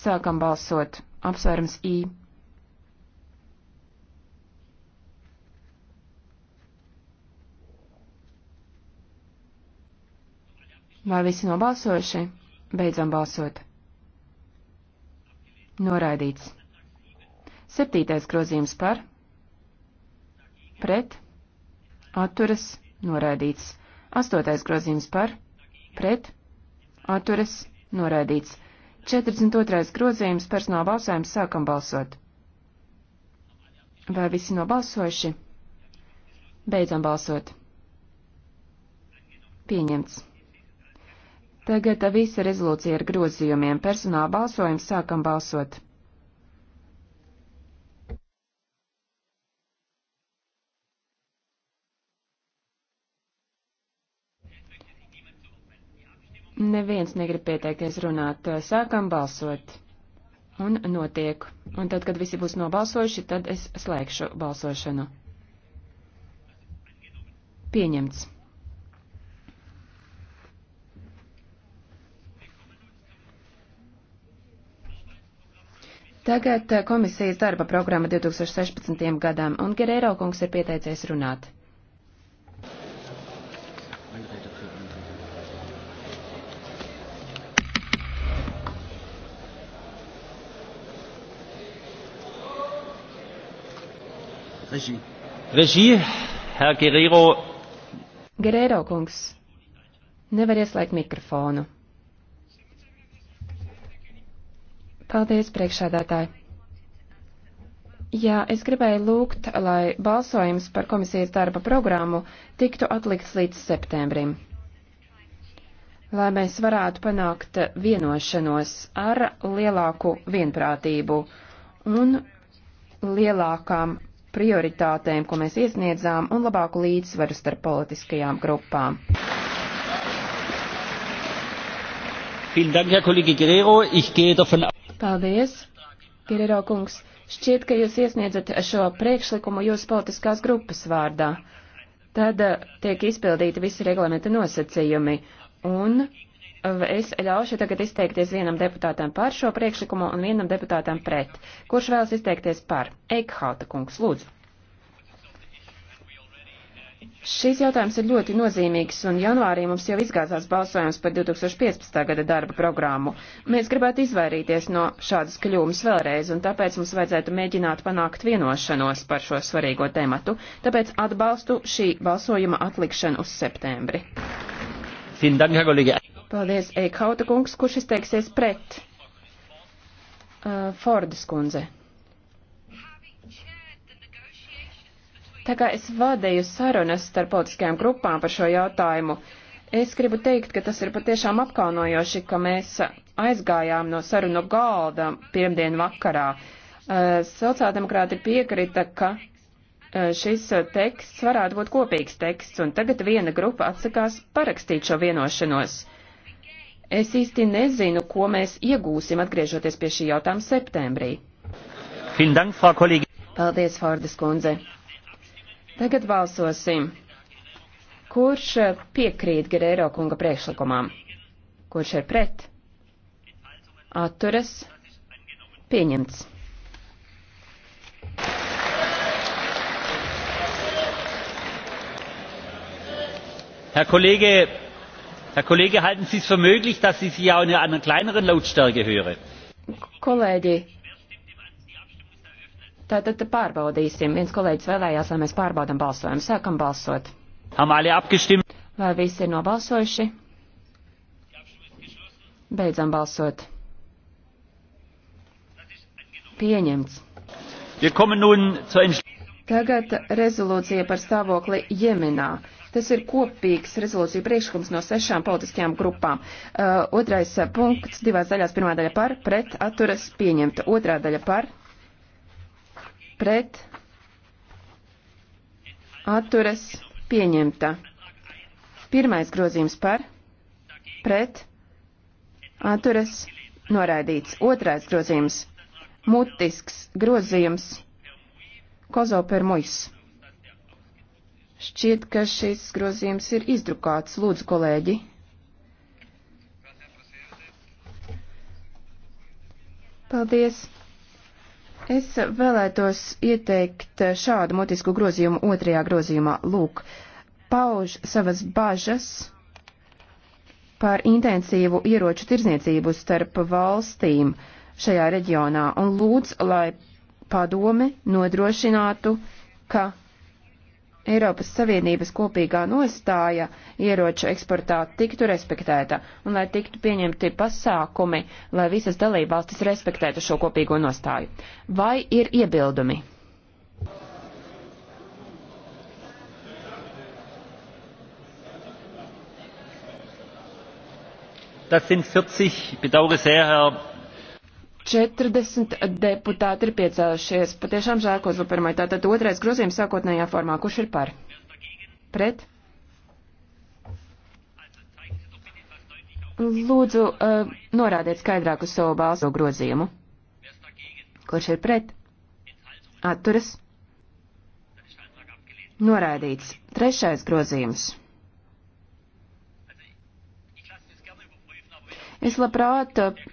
Sākam balsot. Apsvērums I. Vai visi nobalsojuši? Beidzam balsot. Noraidīts. Septītais grozījums par. Pret. Atturas. Noraidīts. Astotais grozījums par. Pret. Atturas. Noraidīts. 42. grozījums personāla balsojums sākam balsot. Vai visi nobalsojuši? Beidzam balsot. Pieņemts. Tagad visa rezolūcija ar grozījumiem. Personāla balsojums sākam balsot. Neviens negrib pieteikties runāt. Sākam balsot. Un notiek. Un tad, kad visi būs nobalsojuši, tad es slēgšu balsošanu. Pieņemts. Tagad eh, komisijas darba programma 2016. gadam, un Gerēro kungs ir pieteicies runāt. Regie. Regie, Herr Guerrero. Guerrero kungs, nevar ieslēgt mikrofonu. Paldies, priekšādātāji. Jā, es gribēju lūgt, lai balsojums par komisijas darba programmu tiktu atlikts līdz septembrim, lai mēs varētu panākt vienošanos ar lielāku vienprātību un lielākām prioritātēm, ko mēs iesniedzām, un labāku līdzsvaru starp politiskajām grupām. Paldies, Gerero kungs. Šķiet, ka jūs iesniedzat šo priekšlikumu jūsu politiskās grupas vārdā. Tad eh, tiek izpildīti visi reglamenta nosacījumi, un es ļaušu tagad izteikties vienam deputātam par šo priekšlikumu un vienam deputātam pret. Kurš vēlas izteikties par? Eikhauta kungs, lūdzu. Šīs jautājums ir ļoti nozīmīgs, un janvārī mums jau izgāzās balsojums par 2015. gada darba programmu. Mēs gribētu izvairīties no šādas kļūmes vēlreiz, un tāpēc mums vajadzētu mēģināt panākt vienošanos par šo svarīgo tematu. Tāpēc atbalstu šī balsojuma atlikšanu uz septembri. Vielen Dank, Herr Kollege. Paldies, Eikauta kungs, kurš izteiksies pret uh, Fordas kundze. Tā kā es vadīju sarunas starp politiskajām grupām par šo jautājumu, es gribu teikt, ka tas ir patiešām apkaunojoši, ka mēs aizgājām no sarunu galda pirmdien vakarā. Uh, Sociāldemokrāti piekrita, ka uh, šis teksts varētu būt kopīgs teksts, un tagad viena grupa atsakās parakstīt šo vienošanos. Es īsti nezinu, ko mēs iegūsim atgriežoties pie šī jautājuma septembrī. Paldies, Fordas kundze. Tagad balsosim. Kurš piekrīt Gerēro kunga priekšlikumām? Kurš ir pret? Atturas? Pieņemts. Herr Kollege, Herr Kollege, halten Sie es für möglich, dass ich Sie auch in einer kleineren Lautstärke höre? Kolēģi, tātad pārbaudīsim. Viens kolēģis vēlējās, lai mēs pārbaudam balsojumu. Sākam balsot. Vai visi ir nobalsojuši? Beidzam balsot. Pieņemts. Tagad rezolūcija par stāvokli Jemenā. Tas ir kopīgs rezolūcija priekšlikums no sešām politiskajām grupām. Uh, otrais uh, punkts divās daļās. Pirmā daļa par, pret, atturas, pieņemta. Otrā daļa par, pret, atturas, pieņemta. Pirmais grozījums par, pret, atturas, noraidīts. Otrais grozījums, mutisks grozījums, kozo per muisu. Šķiet, ka šis grozījums ir izdrukāts. Lūdzu, kolēģi. Paldies. Es vēlētos ieteikt šādu motisku grozījumu otrajā grozījumā. Lūk, pauž savas bažas par intensīvu ieroču tirzniecību starp valstīm šajā reģionā un lūdz, lai padome nodrošinātu, ka Eiropas Savienības kopīgā nostāja ieroču eksportā tiktu respektēta un lai tiktu pieņemti pasākumi, lai visas dalībvalstis respektētu šo kopīgo nostāju. Vai ir iebildumi? Das sind 40, bedauere sehr, Herr 40 deputāti ir piecēlušies. Patiešām žēl, ko pirmai. Tātad otrais grozījums sākotnējā formā. Kurš ir par? Pret? Lūdzu, uh, norādiet skaidrāk uz savu balso grozījumu. Kurš ir pret? Atturas? Norādīts. Trešais grozījums. Es labprāt uh,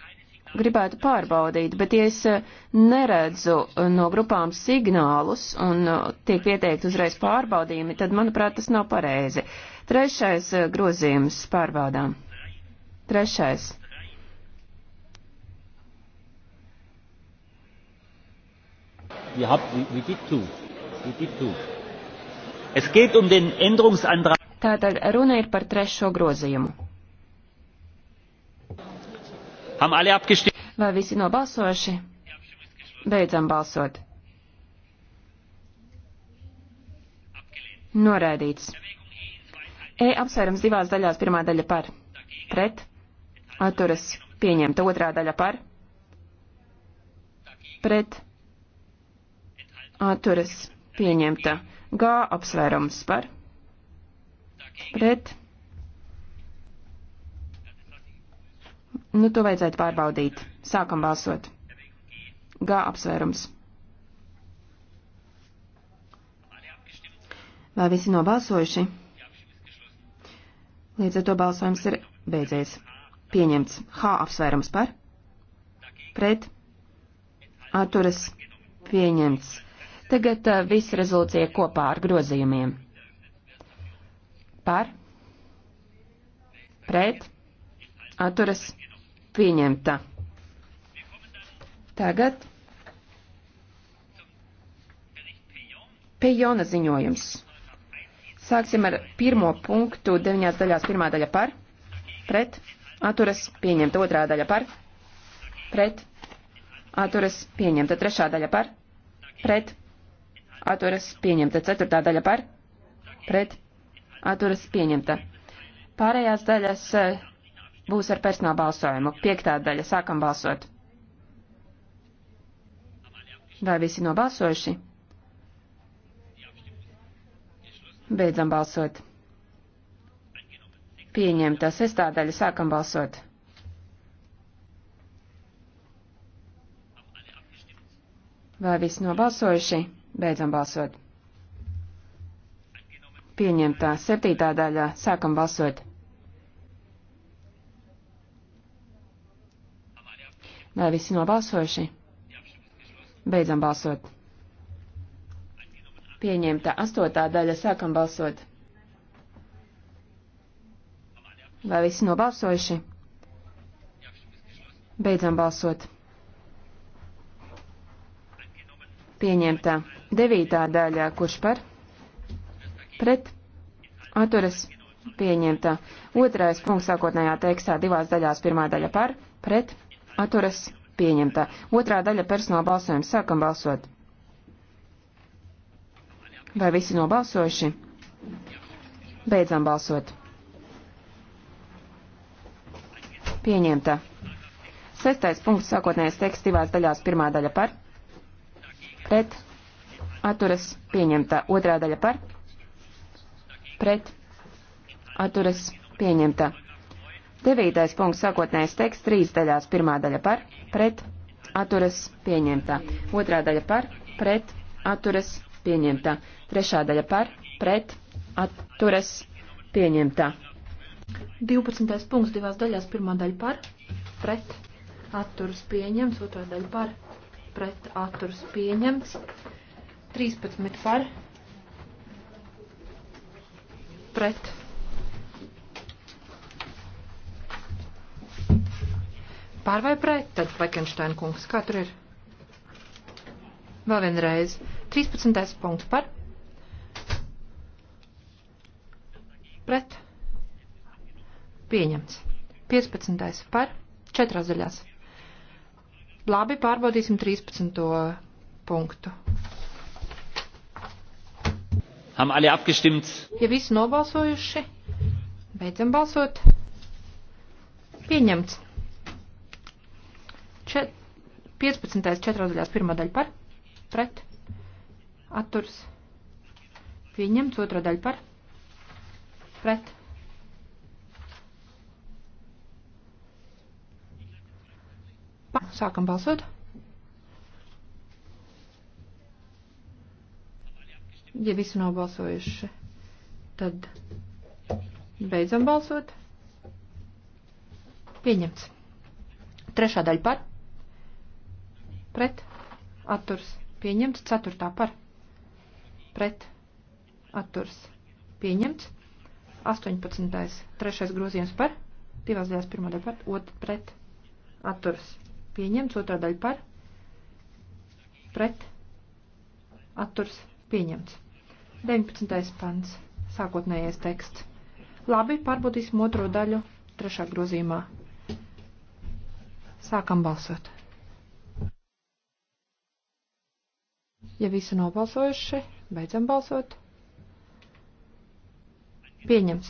gribētu pārbaudīt, bet ja es eh, neredzu eh, no grupām signālus un eh, tiek pieteikti uzreiz pārbaudījumi, tad, manuprāt, tas nav pareizi. Trešais grozījums pārbaudām. Trešais. Wir haben, we, we did two. We did two. Es geht um den Änderungsantrag. Tātad runa ir par trešo grozījumu. Vai visi nobalsojuši? Beidzam balsot. Noraidīts. E apsvērums divās daļās. Pirmā daļa par. Pret. Atturas. Pieņemta. Otrā daļa par. Pret. Atturas. Pieņemta. G apsvērums par. Pret. Nu, to vajadzētu pārbaudīt. Sākam balsot. G apsvērums. Vai visi nobalsojuši? Līdz ar to balsojums ir beidzies. Pieņemts H apsvērums par, pret, atturas, pieņemts. Tagad uh, viss rezolūcija kopā ar grozījumiem. Par, pret, atturas, pieņemts pieņemta. Tagad Pejona ziņojums. Sāksim ar pirmo punktu, deviņās daļās pirmā daļa par, pret, atturas, pieņemta otrā daļa par, pret, atturas, pieņemta trešā daļa par, pret, atturas, pieņemta ceturtā daļa par, pret, atturas, pieņemta. Pārējās daļas būs ar personālu balsojumu. Piektā daļa. Sākam balsot. Vai visi nobalsojuši? Beidzam balsot. Pieņemta sestā daļa. Sākam balsot. Vai visi nobalsojuši? Beidzam balsot. Pieņemta septītā daļā. Sākam balsot. Vai visi nobalsojuši? Beidzam balsot. Pieņemta astotā daļa, sākam balsot. Vai visi nobalsojuši? Beidzam balsot. Pieņemtā devītā daļā, kurš par? Pret. Atturas. Pieņemtā. Otrais punkts sākotnējā tekstā divās daļās. Pirmā daļa par. Pret atturas pieņemta. Otrā daļa personāla balsojuma sākam balsot. Vai visi nobalsojuši? Beidzam balsot. Pieņemta. Sestais punkts sākotnējais teksts divās daļās. Pirmā daļa par, pret, atturas, pieņemta. Otrā daļa par, pret, atturas, pieņemta. Devītais punkts sākotnējais teksts trīs daļās. Pirmā daļa par, pret, atturas pieņemtā. Otrā daļa par, pret, atturas pieņemtā. Trešā daļa par, pret, atturas pieņemtā. 12. punkts divās daļās. Pirmā daļa par, pret, atturas pieņemts, otrā daļa par, pret, atturas pieņemts, 13 par, pret, Pār vai pret? Tad Fleckensteina kungs, kā tur ir? Vēl vienreiz. 13. punkts par. Pret. Pieņemts. 15. par. Četrās daļās. Labi, pārbaudīsim 13. punktu. Haben alle abgestimmt? Ja visi nobalsojuši, beidzam balsot. Pieņemts. Čet, 15. četrās daļās pirmā daļa par, pret, atturs, pieņemts, otrā daļa par, pret. Pa, sākam balsot. Ja visi nav balsojuši, tad beidzam balsot. Pieņemts. Trešā daļa par pret, atturs, pieņemts, ceturtā par, pret, atturs, pieņemts, 18. trešais grozījums par, divās daļās pirmā daļa par, otra pret, atturs, pieņemts, otrā daļa par, pret, atturs, pieņemts. 19. pants, sākotnējais teksts. Labi, pārbaudīsim otro daļu trešā grozījumā. Sākam balsot. Ja visi nobalsojuši, beidzam balsot. Pieņems.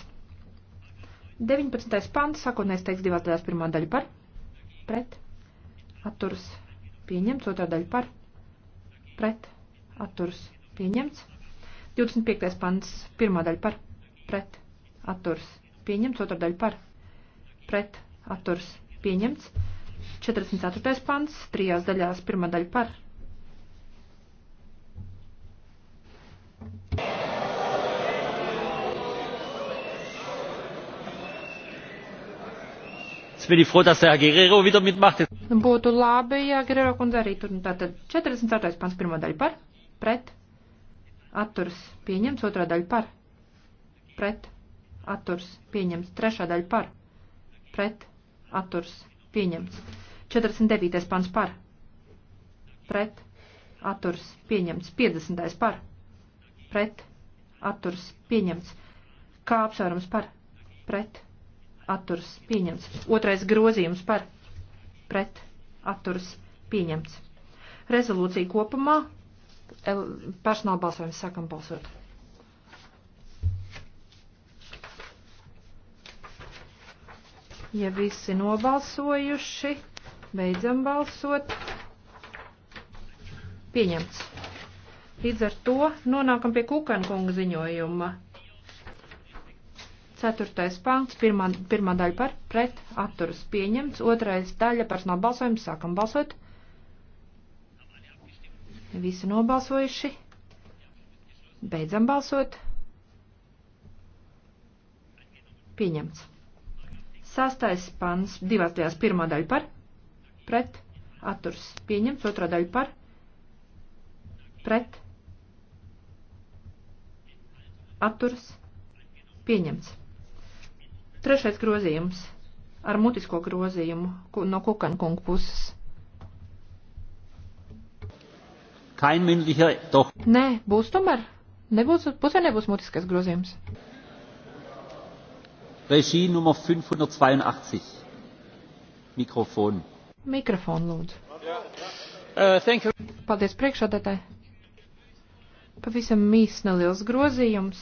19. pants, sākotnēs teiks divās daļās pirmā daļa par, pret, atturas, pieņemts, otrā daļa par, pret, atturas, pieņemts. 25. pants, pirmā daļa par, pret, atturas, pieņemts, otrā daļa par, pret, atturas, pieņemts. 44. pants, trijās daļās pirmā daļa par, Būtu labi, ja Guerrero kundze arī tur. Nu, tātad 44. pants pirmā daļa par, pret, atturs, pieņems, otrā daļa par, pret, atturs, pieņems, trešā daļa par, pret, atturs, pieņems. 49. pants par, pret, atturs, pieņems, 50. par, pret, atturs, pieņems, kā apsvērums par, pret, atturas pieņemts. Otrais grozījums par pret atturas pieņemts. Rezolūcija kopumā personāla balsojums sākam balsot. Ja visi nobalsojuši, beidzam balsot. Pieņemts. Līdz ar to nonākam pie Kukankunga ziņojuma. Ceturtais pāns, pirmā, pirmā daļa par pret atturas pieņemts, otrais daļa personāla balsojums, sākam balsot. Visi nobalsojuši. Beidzam balsot. Pieņemts. Sastais pants divās daļās. Pirmā daļa par, pret, atturs pieņemts. Otrā daļa par, pret, atturs pieņemts. Trešais grozījums ar mutisko grozījumu no kukankunga puses. Kein mündlicher, doch. Nē, būs tomēr. Nebūs, pusē nebūs mutiskais grozījums. Režī numur 582. Mikrofon. Mikrofon, lūdzu. Uh, thank you. Paldies priekšādātāji. Pavisam mīs neliels grozījums.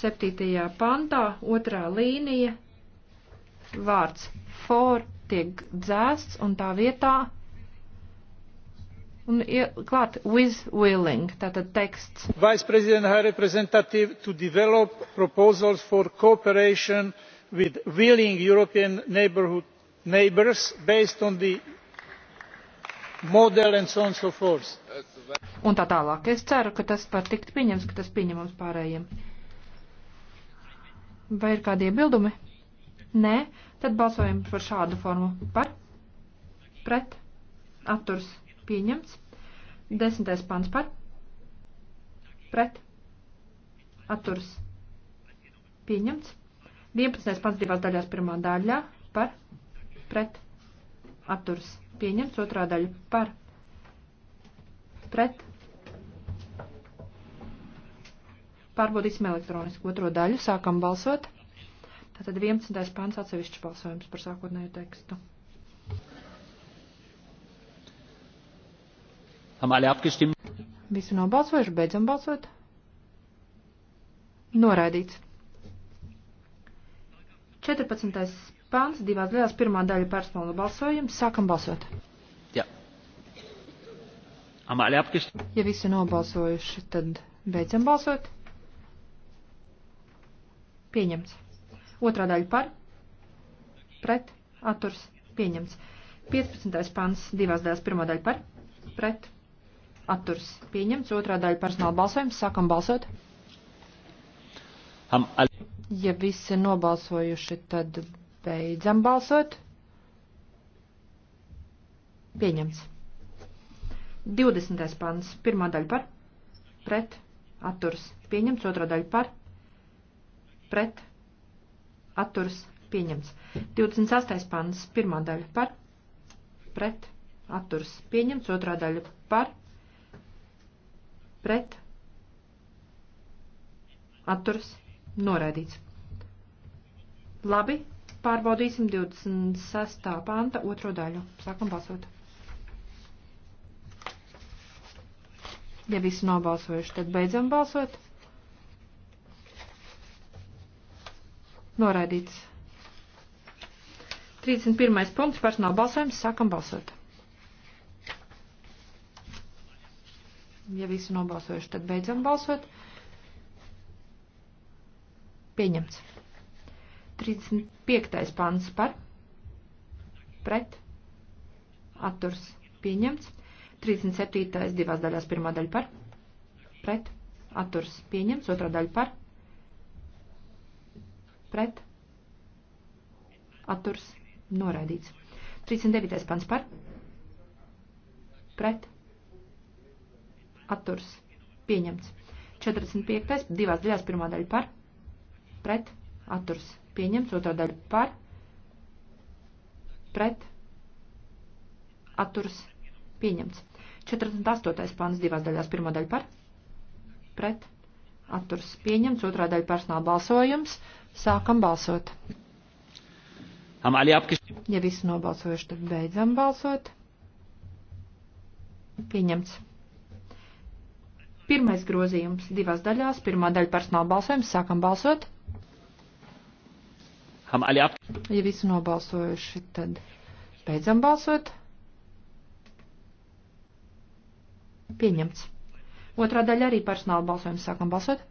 7. pantā, otrā līnija, vārds for tiek dzēsts un tā vietā un klāt with willing, tātad teksts. Vice President High Representative to develop proposals for cooperation with willing European neighborhood neighbors based on the model and so on and so forth. Un tā tālāk. Es ceru, ka tas var tikt pieņems, ka tas pieņemams pārējiem. Vai ir kādi iebildumi? Nē, tad balsojam par šādu formu. Par, pret, atturs, pieņemts. Desmitais pants par, pret, atturs, pieņemts. Vienpadsmitais pants divās daļās pirmā daļā par, pret, atturs, pieņemts. Otrā daļa par, pret, Pārbaudīsim elektronisku otro daļu. Sākam balsot. Tātad 11. pāns atsevišķs balsojums par sākotnēju tekstu. Visi nobalsojuši, beidzam balsot. Noraidīts. 14. pāns, divās daļās, pirmā daļa personāla balsojums. Sākam balsot. Jā. Ja visi nobalsojuši, tad beidzam balsot pieņemts. Otrā daļa par, pret, atturs, pieņemts. 15. pants, divās daļas, pirmā daļa par, pret, atturs, pieņemts. Otrā daļa personāla balsojums, sākam balsot. Ja visi nobalsojuši, tad beidzam balsot. Pieņemts. 20. pants, pirmā daļa par, pret, atturs, pieņemts. Otrā daļa par, pret atturas pieņemts. 28. pants, pirmā daļa par pret atturas pieņemts, otrā daļa par pret atturas noraidīts. Labi, pārbaudīsim 26. panta otro daļu. Sākam balsot. Ja visi nobalsojuši, tad beidzam balsot. Noraidīts. 31. punkts personāla balsojums. Sākam balsot. Ja visi nobalsojuši, tad beidzam balsot. Pieņemts. 35. pants par. Pret. Atturs. Pieņemts. 37. divās daļās pirmā daļa par. Pret. Atturs. Pieņemts. Otrā daļa par pret, atturs, noraidīts. 39. pants par, pret, atturs, pieņemts. 45. divās daļās pirmā daļa par, pret, atturs, pieņemts. Otrā daļa par, pret, atturs, pieņemts. 48. pants divās daļās pirmā daļa par, pret, atturs, pieņemts. Otrā daļa personāla balsojums. Sākam balsot. Ja visi nobalsojuši, tad beidzam balsot. Pieņemts. Pirmais grozījums divās daļās. Pirmā daļa personāla balsojums. Sākam balsot. Ja visi nobalsojuši, tad beidzam balsot. Pieņemts. Otrā daļa arī personāla balsojums. Sākam balsot.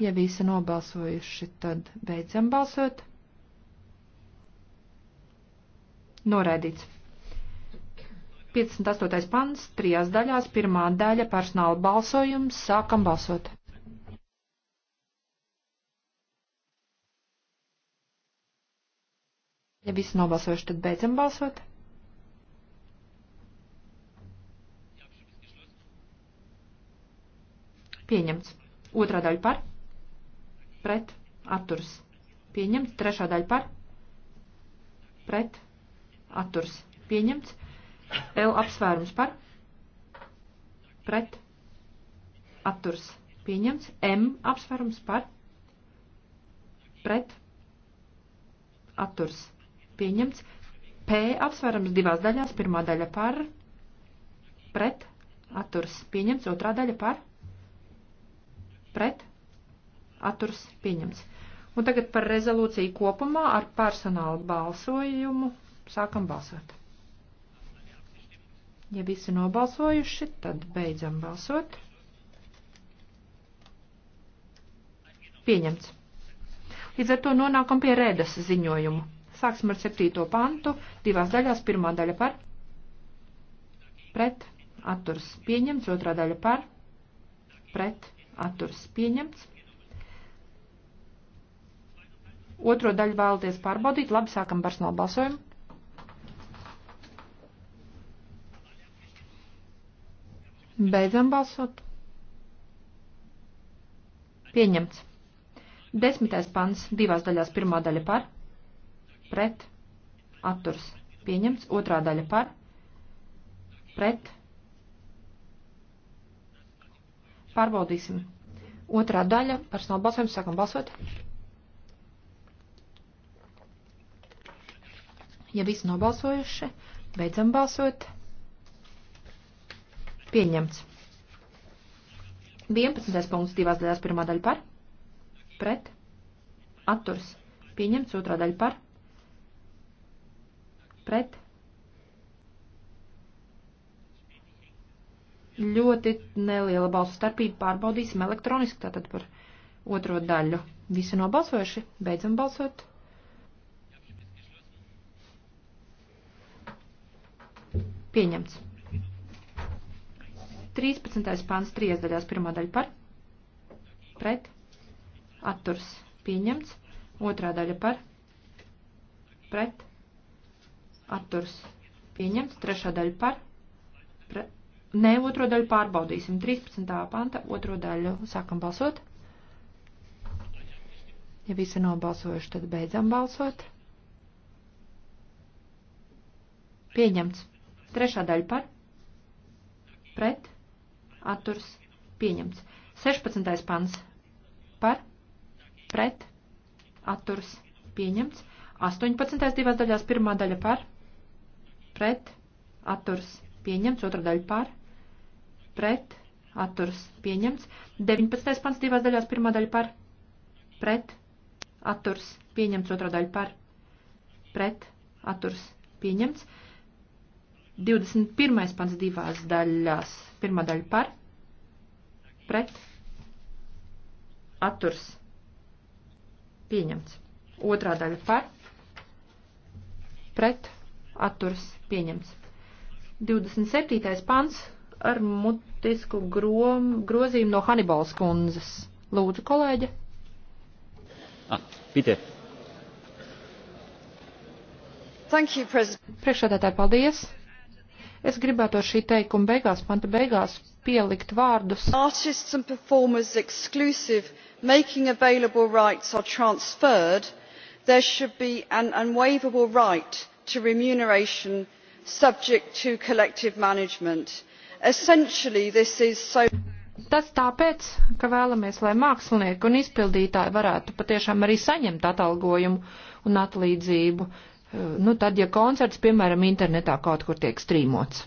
Ja visi nobalsojuši, tad beidzam balsot. Noraidīts. 58. pants, trijās daļās, pirmā daļa personāla balsojums, sākam balsot. Ja visi nobalsojuši, tad beidzam balsot. Pieņemts. Otrā daļa par pret, atturs, pieņemts. Trešā daļa par, pret, atturs, pieņemts. L apsvērums par, pret, atturs, pieņemts. M apsvērums par, pret, atturs, pieņemts. P apsvērums divās daļās. Pirmā daļa par, pret, atturs, pieņemts. Otrā daļa par, pret, atturs pieņemts. Un tagad par rezolūciju kopumā ar personālu balsojumu sākam balsot. Ja visi nobalsojuši, tad beidzam balsot. Pieņemts. Līdz ar to nonākam pie rēdas ziņojumu. Sāksim ar septīto pantu, divās daļās, pirmā daļa par, pret, atturs pieņemts, otrā daļa par, pret, atturs pieņemts. Otro daļu vēlaties pārbaudīt. Labi, sākam personālu balsojumu. Beidzam balsot. Pieņemts. Desmitais pants divās daļās. Pirmā daļa par, pret, atturs. Pieņemts. Otrā daļa par, pret. Pārbaudīsim. Otrā daļa. Personāla balsojums. Sākam balsot. Ja visi nobalsojuši, beidzam balsot. Pieņemts. 11. punkts divās daļās pirmā daļa par. Pret. Atturs. Pieņemts otrā daļa par. Pret. Ļoti neliela balsu starpība pārbaudīsim elektroniski, tātad par otro daļu. Visi nobalsojuši, beidzam balsot. Pieņemts. 13. pāns trīs daļās pirmā daļa par, pret, atturs, pieņemts, otrā daļa par, pret, atturs, pieņemts, trešā daļa par, pret, nē, otro daļu pārbaudīsim, 13. panta, otro daļu sākam balsot. Ja visi nobalsojuši, tad beidzam balsot. Pieņemts. Trešā daļa par, pret, atturs, pieņemts. 16. pants par, pret, atturs, pieņemts. 18. divās daļās pirmā daļa par, pret, atturs, pieņemts. Otra daļa par, pret, atturs, pieņemts. 19. pants divās daļās pirmā daļa par, pret, atturs, pieņemts. Otra daļa par, pret, atturs, pieņemts. 21. pants divās daļās. Pirmā daļa par, pret, atturs, pieņemts. Otrā daļa par, pret, atturs, pieņemts. 27. pants ar mutisku grom, grozījumu no Hanibals kundzes. Lūdzu, kolēģi. Ah, pite. Thank you, President. Priekšādātāji, paldies. Es gribētu ar šī teikuma beigās, panta beigās, pielikt vārdus. Artists and performers exclusive making available rights are transferred. There should be an unwaivable right to remuneration subject to collective management. Essentially this is so Tas tāpēc, ka vēlamies, lai mākslinieki un izpildītāji varētu patiešām arī saņemt atalgojumu un atlīdzību Eh, nu tad, ja koncerts, piemēram, internetā kaut kur tiek strīmots.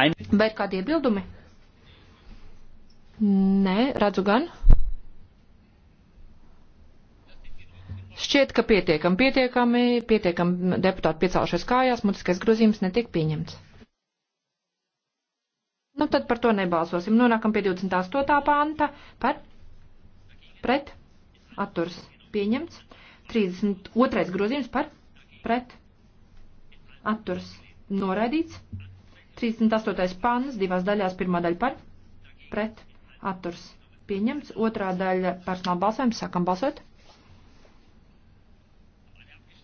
Ein... Vai ir kādi iebildumi? Nē, redzu gan. Šķiet, ka pietiekam, pietiekami, pietiekam deputāti piecēlušies kājās, mutiskais grozījums netiek pieņemts. Nu, tad par to nebalsosim. Nonākam pie 28. panta par pret atturs pieņemts. 32. grozījums par pret atturs noraidīts. 38. pannas divās daļās pirmā daļa par pret atturs pieņemts. Otrā daļa personāla balsojums. Sākam balsot.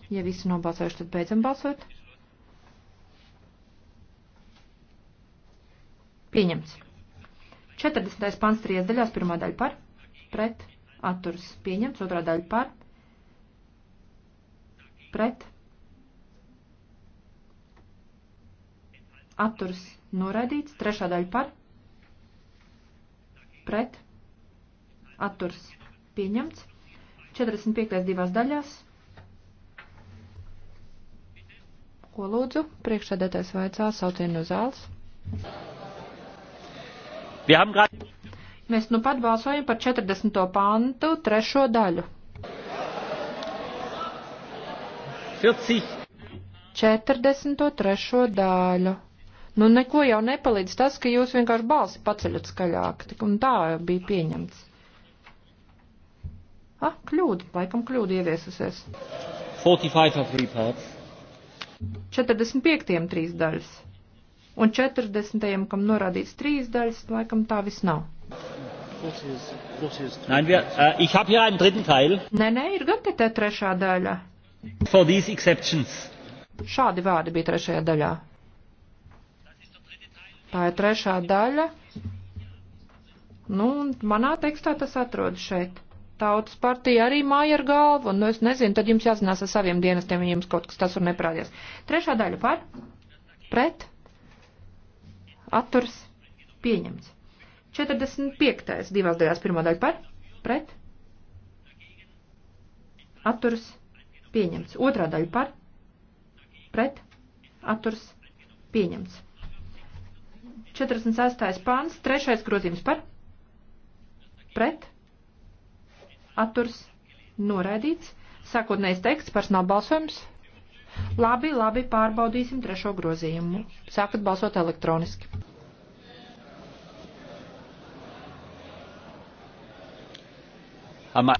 Ja visi nobalsojuši, tad beidzam balsot. Pieņemts. 40. pants trīs daļās, pirmā daļa par, pret, atturas pieņemts, otrā daļa par, pret, atturas noraidīts, trešā daļa par, pret, atturas pieņemts, 45. divās daļās. Ko lūdzu? Priekšsēdētājs vaicā saucienu no zāles. Wir haben gerade Mēs nu pat balsojam par 40. pantu trešo daļu. 40. 43. daļu. Nu, neko jau nepalīdz tas, ka jūs vienkārši balsi paceļat skaļāk, tik un tā jau bija pieņemts. Ah, kļūda, laikam kļūda ieviesusies. 45. 45. trīs daļas un 40. kam norādīts trīs daļas, laikam tā viss nav. Nein, wir, äh, ich habe hier einen dritten Teil. Nē, nē, ir gan te tā trešā daļa. For these exceptions. Šādi vārdi bija trešajā daļā. Tā ir trešā daļa. Nu, un manā tekstā tas atrodas šeit. Tautas partija arī māja ar galvu, un nu, es nezinu, tad jums jāzinās ar saviem dienestiem, ja jums kaut kas tas var neprādīties. Trešā daļa par? Pret? atturs pieņemts. 45. divās daļās pirmā daļa par, pret, atturs pieņemts. Otrā daļa par, pret, atturs pieņemts. 46. pāns, trešais grozījums par, pret, atturs noraidīts. Sākotnējais teksts, personāla balsojums, Labi, labi, pārbaudīsim trešo grozījumu. Sākat balsot elektroniski. Ama.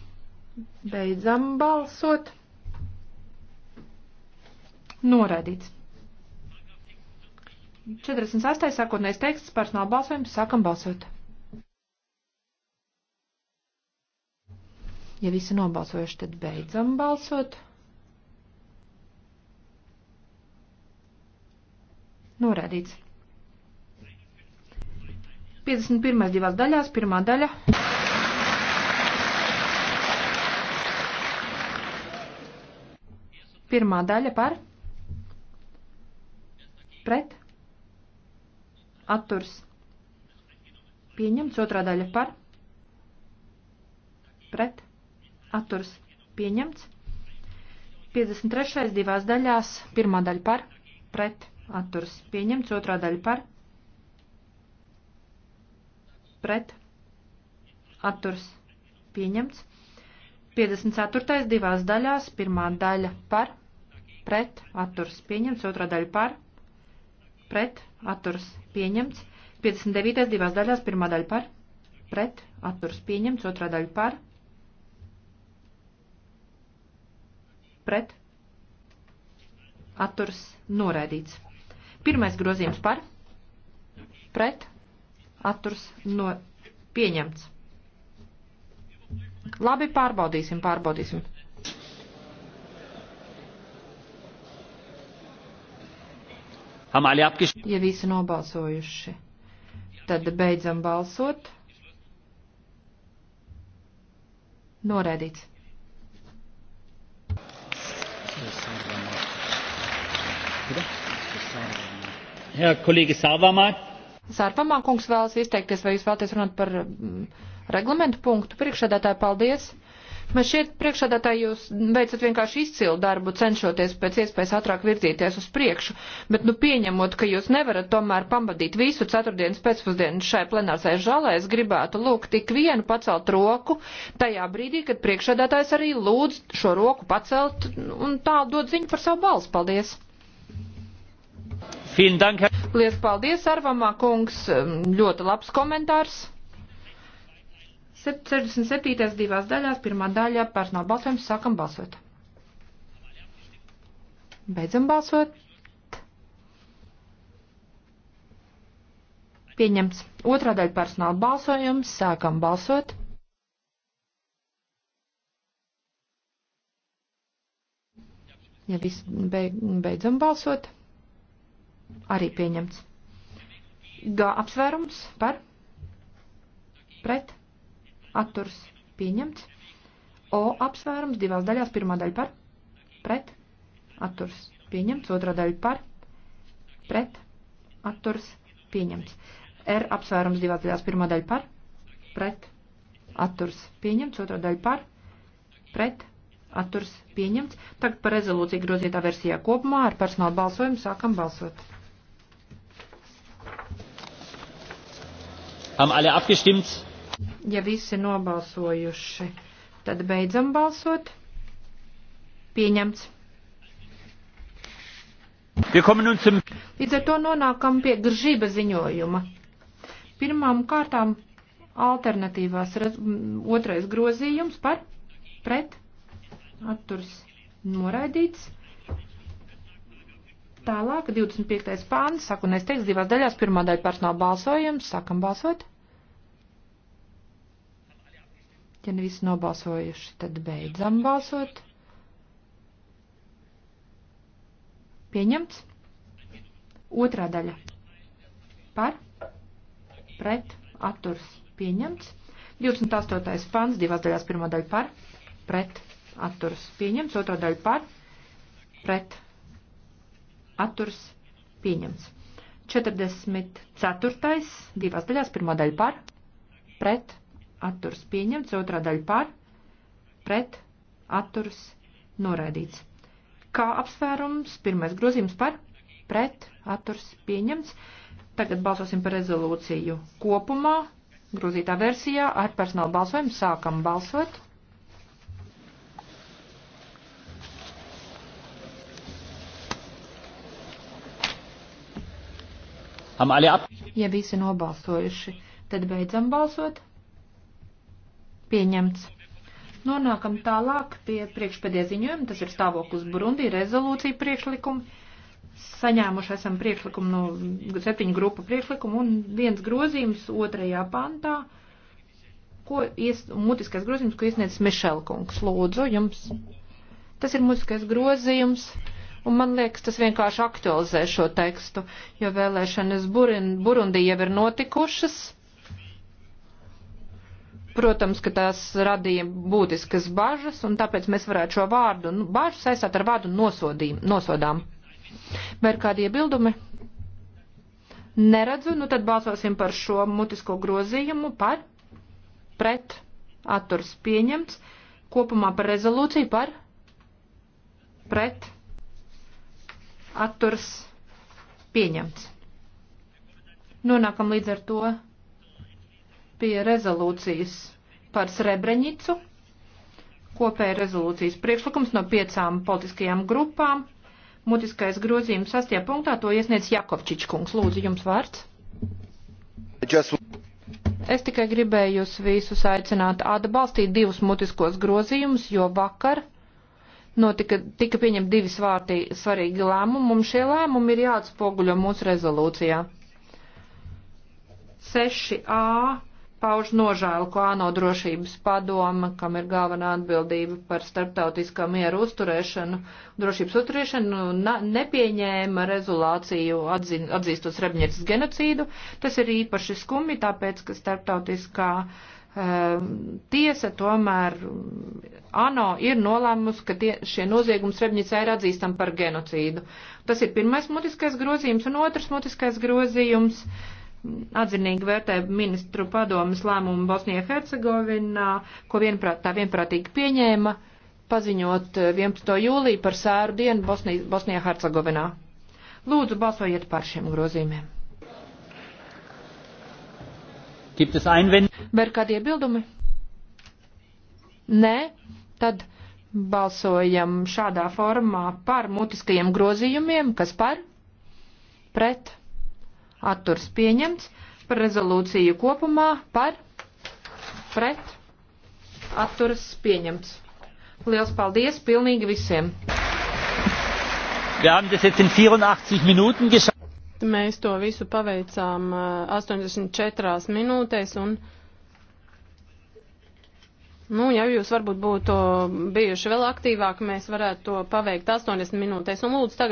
Beidzam balsot. Noraidīts. 48. sākotnējais teksts personāla balsojums. Sākam balsot. Ja visi nobalsojuši, tad beidzam balsot. Norādīts. 51. divās daļās, pirmā daļa. Pirmā daļa par pret atturs pieņemts, otrā daļa par pret atturs pieņemts, 53. divās daļās, pirmā daļa par pret atturs Atturs pieņemts. Otrā daļa par. Pret. Atturs pieņemts. 54. divās daļās. Pirmā daļa par. Pret. Atturs pieņemts. Otrā daļa par. Pret. Atturs pieņemts. 59. divās daļās. Pirmā daļa par. Pret. Atturs pieņemts. Otrā daļa par. Pret. Atturs noraidīts. Pirmais grozījums par, pret, atturs no pieņemts. Labi, pārbaudīsim, pārbaudīsim. Ja visi nobalsojuši, tad beidzam balsot. Noraidīts. Yes, Jā, kolēģi Sārvamā. Sārvamā kungs vēlas izteikties, vai jūs vēlaties runāt par mm, reglamentu punktu. Priekšādātāji, paldies. Man šķiet, priekšādātāji, jūs veicat vienkārši izcilu darbu, cenšoties pēc iespējas ātrāk virzīties uz priekšu, bet nu pieņemot, ka jūs nevarat tomēr pambadīt visu ceturtdienas pēcpusdienu šai plenārsai žalē, es gribētu lūgt tik vienu pacelt roku tajā brīdī, kad priekšādātājs arī lūdz šo roku pacelt un tā dod ziņu par savu balsu. Paldies! Lielas paldies, Arvamā kungs. Ļoti labs komentārs. 67. divās daļās, pirmā daļā personāla balsojums, sākam balsot. Beidzam balsot. Pieņemts. Otrā daļa personāla balsojums, sākam balsot. Ja viss beidzam balsot. Arī pieņemts. G apsvērums par pret atturs pieņemts. O apsvērums divās daļās. Pirmā daļa par pret atturs pieņemts. Otrā daļa par pret atturs pieņemts. R apsvērums divās daļās. Pirmā daļa par pret atturs pieņemts. Otrā daļa par pret atturs pieņemts. Tagad par rezolūciju grozītā versijā kopumā ar personālu balsojumu sākam balsot. Haben alle abgestimmt? Ja visi nobalsojuši, tad beidzam balsot. Pieņemts. Līdz ar to nonākam pie gržība ziņojuma. Pirmām kārtām alternatīvās otrais grozījums par pret atturs noraidīts. Tālāk, 25. pāns, saku, un es teiktu divās daļās, pirmā daļa personāla balsojums, sākam balsot. Ja ne visi nobalsojuši, tad beidzam balsot. Pieņemts. Otrā daļa. Par. Pret. Atturs. Pieņemts. 28. pants. Divās daļās. Pirmā daļa par. Pret. Atturs. Pieņemts. Otrā daļa par. Pret atturs pieņemts. 44. divās daļās, pirmā daļa par, pret, atturs pieņemts, otrā daļa par, pret, atturs noraidīts. Kā apsvērums, pirmais grozījums par, pret, atturs pieņemts. Tagad balsosim par rezolūciju kopumā, grozītā versijā, ar personālu balsojumu sākam balsot. Ja visi nobalsojuši, tad beidzam balsot. Pieņemts. Nonākam tālāk pie priekšpēdējā ziņojuma, tas ir stāvoklis Burundī, rezolūcija priekšlikuma. Saņēmuši esam priekšlikumu no septiņu grupu priekšlikumu un viens grozījums otrajā pantā, ko ies, mutiskais grozījums, ko iesniedz Mišelkungs. Lūdzu, jums. Tas ir mutiskais grozījums. Un man liekas, tas vienkārši aktualizē šo tekstu, jo vēlēšanas Burin, Burundī jau ir notikušas. Protams, ka tās radīja būtiskas bažas, un tāpēc mēs varētu šo vārdu, nu, bažu saistāt ar vārdu nosodīm, nosodām. Vai ir kādi iebildumi? Neredzu, nu tad balsosim par šo mutisko grozījumu par pret atturs pieņemts, kopumā par rezolūciju par pret atturas pieņemts. Nonākam līdz ar to pie rezolūcijas par Srebrenicu. Kopēja rezolūcijas priekšlikums no piecām politiskajām grupām. Mutiskais grozījums sastajā punktā to iesniedz Jakovčič kungs. Lūdzu, jums vārds. Just... Es tikai gribēju jūs visus aicināt atbalstīt divus mutiskos grozījumus, jo vakar notika, tika pieņemti divi svārti, svarīgi lēmumi. Mums šie lēmumi ir jāatspoguļo mūsu rezolūcijā. 6a pauž nožēlu, ko ANO drošības padoma, kam ir galvenā atbildība par starptautiskā mieru uzturēšanu, drošības uzturēšanu, nepieņēma rezolāciju atzin, atzīstot Srebņēcas genocīdu. Tas ir īpaši skumi, tāpēc, ka starptautiskā uh, Ehm, tiesa tomēr ANO ir nolēmusi, ka tie, šie noziegumi Srebņicā ir atzīstam par genocīdu. Tas ir pirmais mutiskais grozījums, un otrs mutiskais grozījums atzinīgi vērtē ministru padomas lēmumu Bosnijā Hercegovinā, ko vienprāt, tā vienprātīgi pieņēma, paziņot 11. Eh, jūlī par sēru dienu Bosnijā Hercegovinā. Lūdzu, balsojiet par šiem grozījumiem. Gibt es Einwände? Vai ir kādi iebildumi? Nē, tad balsojam šādā formā par mutiskajiem grozījumiem, kas par pret atturs pieņemts, par rezolūciju kopumā par pret atturas pieņemts. Liels paldies pilnīgi visiem! Wir haben das jetzt in 84 Minuten geschafft. Mēs to visu paveicām 84 minūtēs un, nu, ja jūs varbūt būtu bijuši vēl aktīvāki, mēs varētu to paveikt 80 minūtēs un lūdzu tagad.